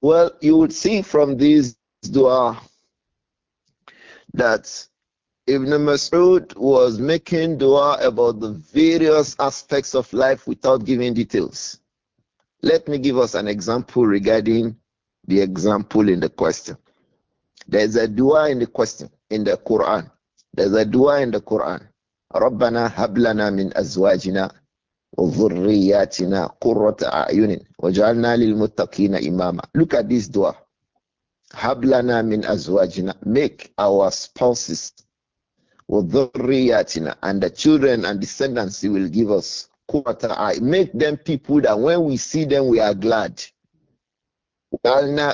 Well, you would see from these dua that Ibn Mas'ud was making dua about the various aspects of life without giving details. Let me give us an example regarding the example in the question. There's a dua in the question, in the Quran. There's a dua in the Quran. ربنا هب لنا من أزواجنا وذرياتنا قرة أعين وجعلنا للمتقين إماما. Look at this dua. هب لنا من أزواجنا. Make our spouses and the children and descendants He will give us. Make them people that when we see them, we are glad.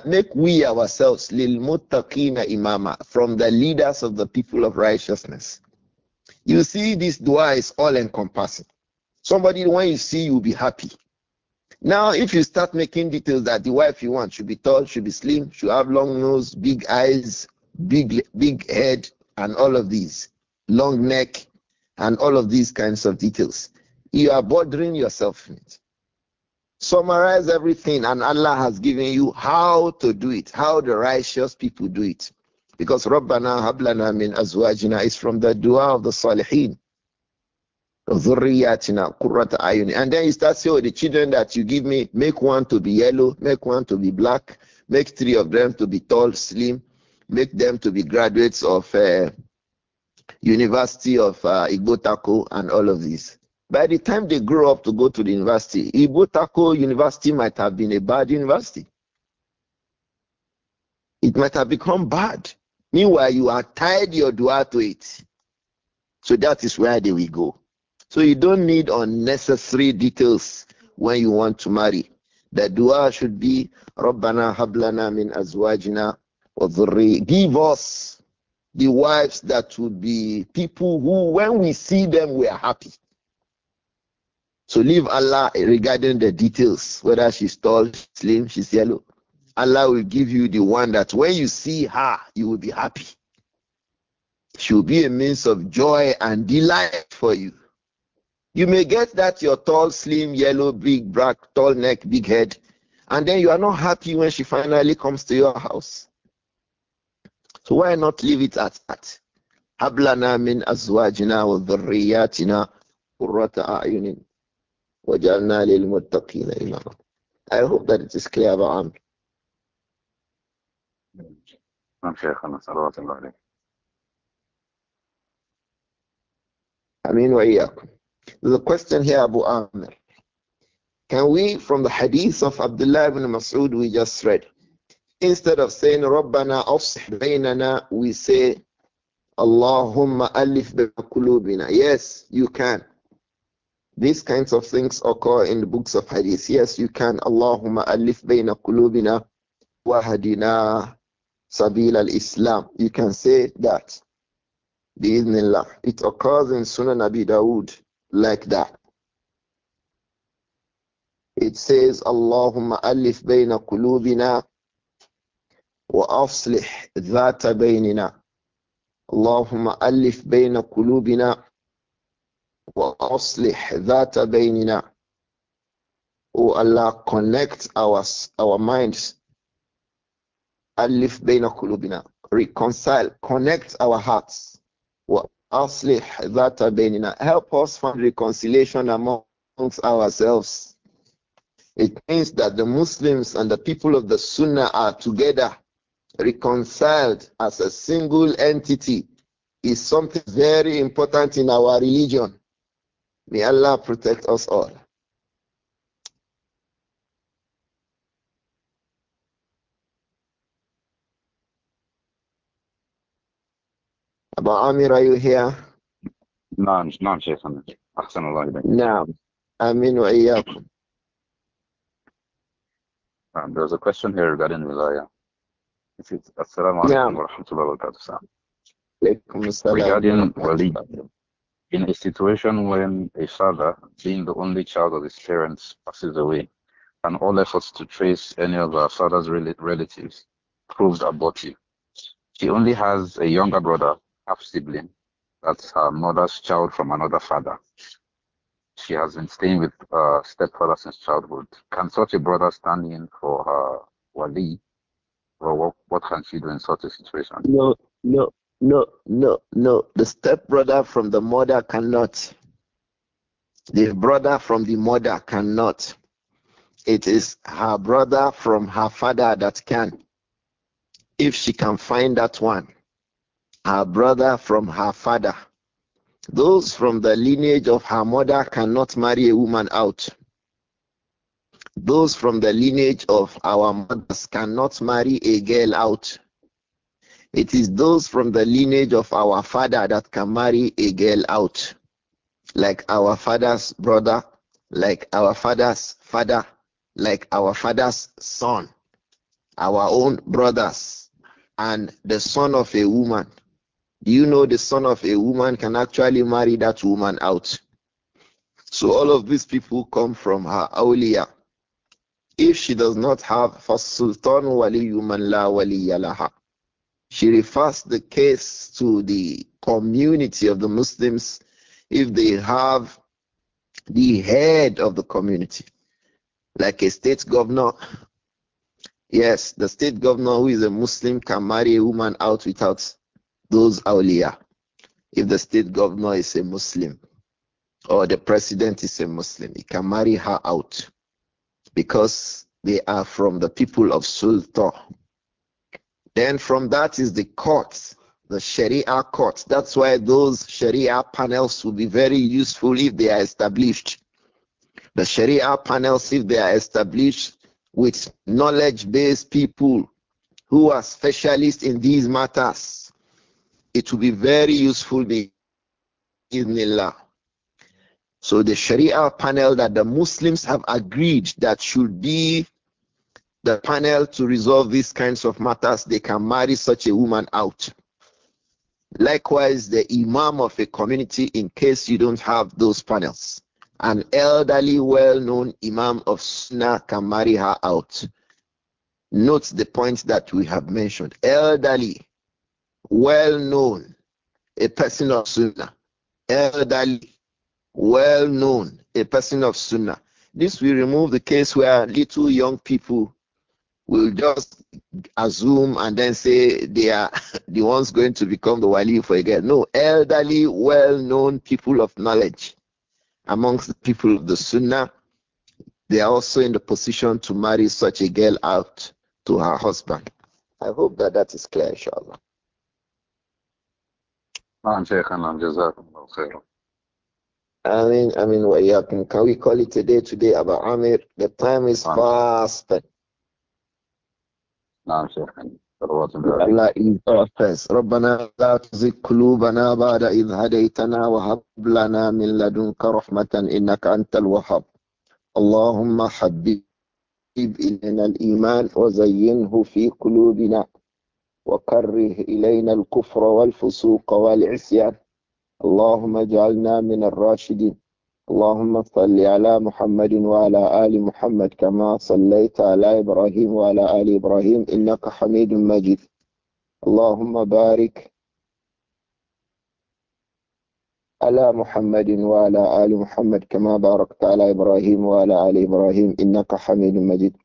Make we ourselves لِلْمُتَّقِينَ imama from the leaders of the people of righteousness. You see, this dua is all encompassing. Somebody, when you see, you'll be happy. Now, if you start making details that the wife you want should be tall, should be slim, should have long nose, big eyes, big big head, and all of these, long neck, and all of these kinds of details. You are bothering yourself in it. Summarize everything, and Allah has given you how to do it, how the righteous people do it. Because Rabbana hablana min azwajina is from the dua of the Salihin. And then you start saying, oh, the children that you give me, make one to be yellow, make one to be black, make three of them to be tall, slim, make them to be graduates of uh, University of uh, Igbotako and all of this. By the time they grow up to go to the university, Igbotako University might have been a bad university. It might have become bad. Meanwhile, you are tied your dua to it. So that is where they will go. So you don't need unnecessary details when you want to marry. The dua should be Rabbana hablana min azwajina wa Give us the wives that would be people who, when we see them, we are happy. So leave Allah regarding the details, whether she's tall, slim, she's yellow. Allah will give you the one that when you see her, you will be happy. She will be a means of joy and delight for you. You may get that your tall, slim, yellow, big, black, tall neck, big head, and then you are not happy when she finally comes to your house. So why not leave it at that? حبلنا من أزواجنا وذرياتنا قرة أعين وجعلنا للمتقين إماما I hope that it is clear about Amr. نعم شيخنا The question here Abu Amr Can we from the hadith of Abdullah ibn Mas'ud we just read Instead of saying Rabbana afsih baynana, we say Allahumma alif kulubina. Yes, you can. These kinds of things occur in the books of hadith. Yes, you can. Allahumma alif bayna kulubina wahadina sabil al-Islam. You can say that. Bi'idhnillah. It occurs in Sunan Abi Dawood like that. It says, Allahumma alif bayna kulubina وأصلح ذات بيننا اللهم ألف بين قلوبنا وأصلح ذات بيننا O oh Allah, connect our, our minds. Alif bayna kulubina. Reconcile, connect our hearts. Aslih dhata bainina. Help us find reconciliation amongst ourselves. It means that the Muslims and the people of the Sunnah are together reconciled as a single entity is something very important in our religion. May Allah protect us all. Abu Amir, are you here? نعم نعم شيخنا أحسن الله إليك نعم آمين وإياكم There's a question here regarding wilaya. It is Regarding Wali, in a situation when a father, being the only child of his parents, passes away, and all efforts to trace any of her father's relatives proved abortive, she only has a younger brother, half sibling, that's her mother's child from another father. She has been staying with her stepfather since childhood. Can such a brother stand in for her wali well, what, what can she do in such a situation? No, no, no, no, no. The stepbrother from the mother cannot. The brother from the mother cannot. It is her brother from her father that can. If she can find that one, her brother from her father. Those from the lineage of her mother cannot marry a woman out. Those from the lineage of our mothers cannot marry a girl out. It is those from the lineage of our father that can marry a girl out, like our father's brother, like our father's father, like our father's son, our own brothers, and the son of a woman. Do you know the son of a woman can actually marry that woman out? So all of these people come from her awliya if she does not have فَالسُّلْطَانُ وَلِيُّ la لَا وَلِيَّ لَهَا She refers the case to the community of the Muslims if they have the head of the community, like a state governor. Yes, the state governor who is a Muslim can marry a woman out without those awliya, if the state governor is a Muslim or the president is a Muslim, he can marry her out because they are from the people of Sultan. Then from that is the courts, the Sharia courts. That's why those Sharia panels will be very useful if they are established. The Sharia panels, if they are established with knowledge based people who are specialists in these matters, it will be very useful. in law. So the Sharia panel that the Muslims have agreed that should be the panel to resolve these kinds of matters, they can marry such a woman out. Likewise, the imam of a community, in case you don't have those panels, an elderly, well known imam of Sunnah can marry her out. Note the point that we have mentioned elderly, well known, a person of Sunnah, elderly, well known, a person of Sunnah. This will remove the case where little young people will just assume and then say they are the ones going to become the wali for a girl. No, elderly, well known people of knowledge amongst the people of the Sunnah, they are also in the position to marry such a girl out to her husband. I hope that that is clear, inshallah. نعم شيخنا I mean, I mean, what you can can we call it today? Today about Amir, the time is fast. نعم شيخنا لا إنترفس ربنا لا تزغ قلوبنا بعد إذ هديتنا وهب لنا من لدنك رحمة إنك أنت الوهاب اللهم حبب إلينا الإيمان وزينه في قلوبنا وكره إلينا الكفر والفسوق والعصيان اللهم اجعلنا من الراشدين اللهم صل على محمد وعلى آل محمد كما صليت على إبراهيم وعلى آل إبراهيم إنك حميد مجيد اللهم بارك على محمد وعلى آل محمد كما باركت على إبراهيم وعلى آل إبراهيم إنك حميد مجيد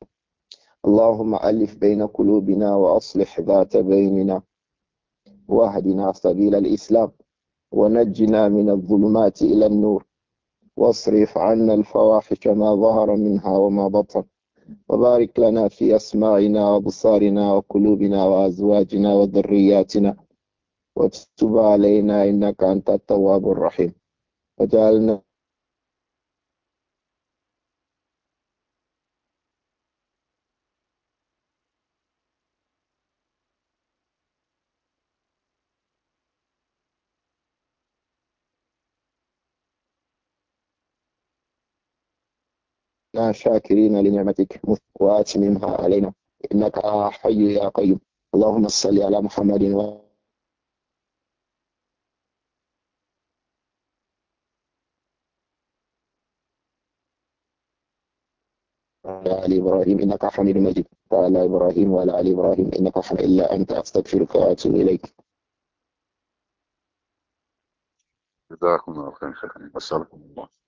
اللهم ألف بين قلوبنا وأصلح ذات بيننا واهدنا سبيل الإسلام ونجنا من الظلمات إلى النور واصرف عنا الفواحش ما ظهر منها وما بطن وبارك لنا في أسماعنا وأبصارنا وقلوبنا وأزواجنا وذرياتنا وتب علينا إنك أنت التواب الرحيم وجعلنا شاكرين لنعمتك واتممها علينا انك حي يا قيوم اللهم صل على محمد وعلى ال ابراهيم انك حميد مجيد وعلى ابراهيم وعلى ال ابراهيم انك حميد الا انت استغفرك واتوب اليك جزاكم الله خير شيخنا وسلكم الله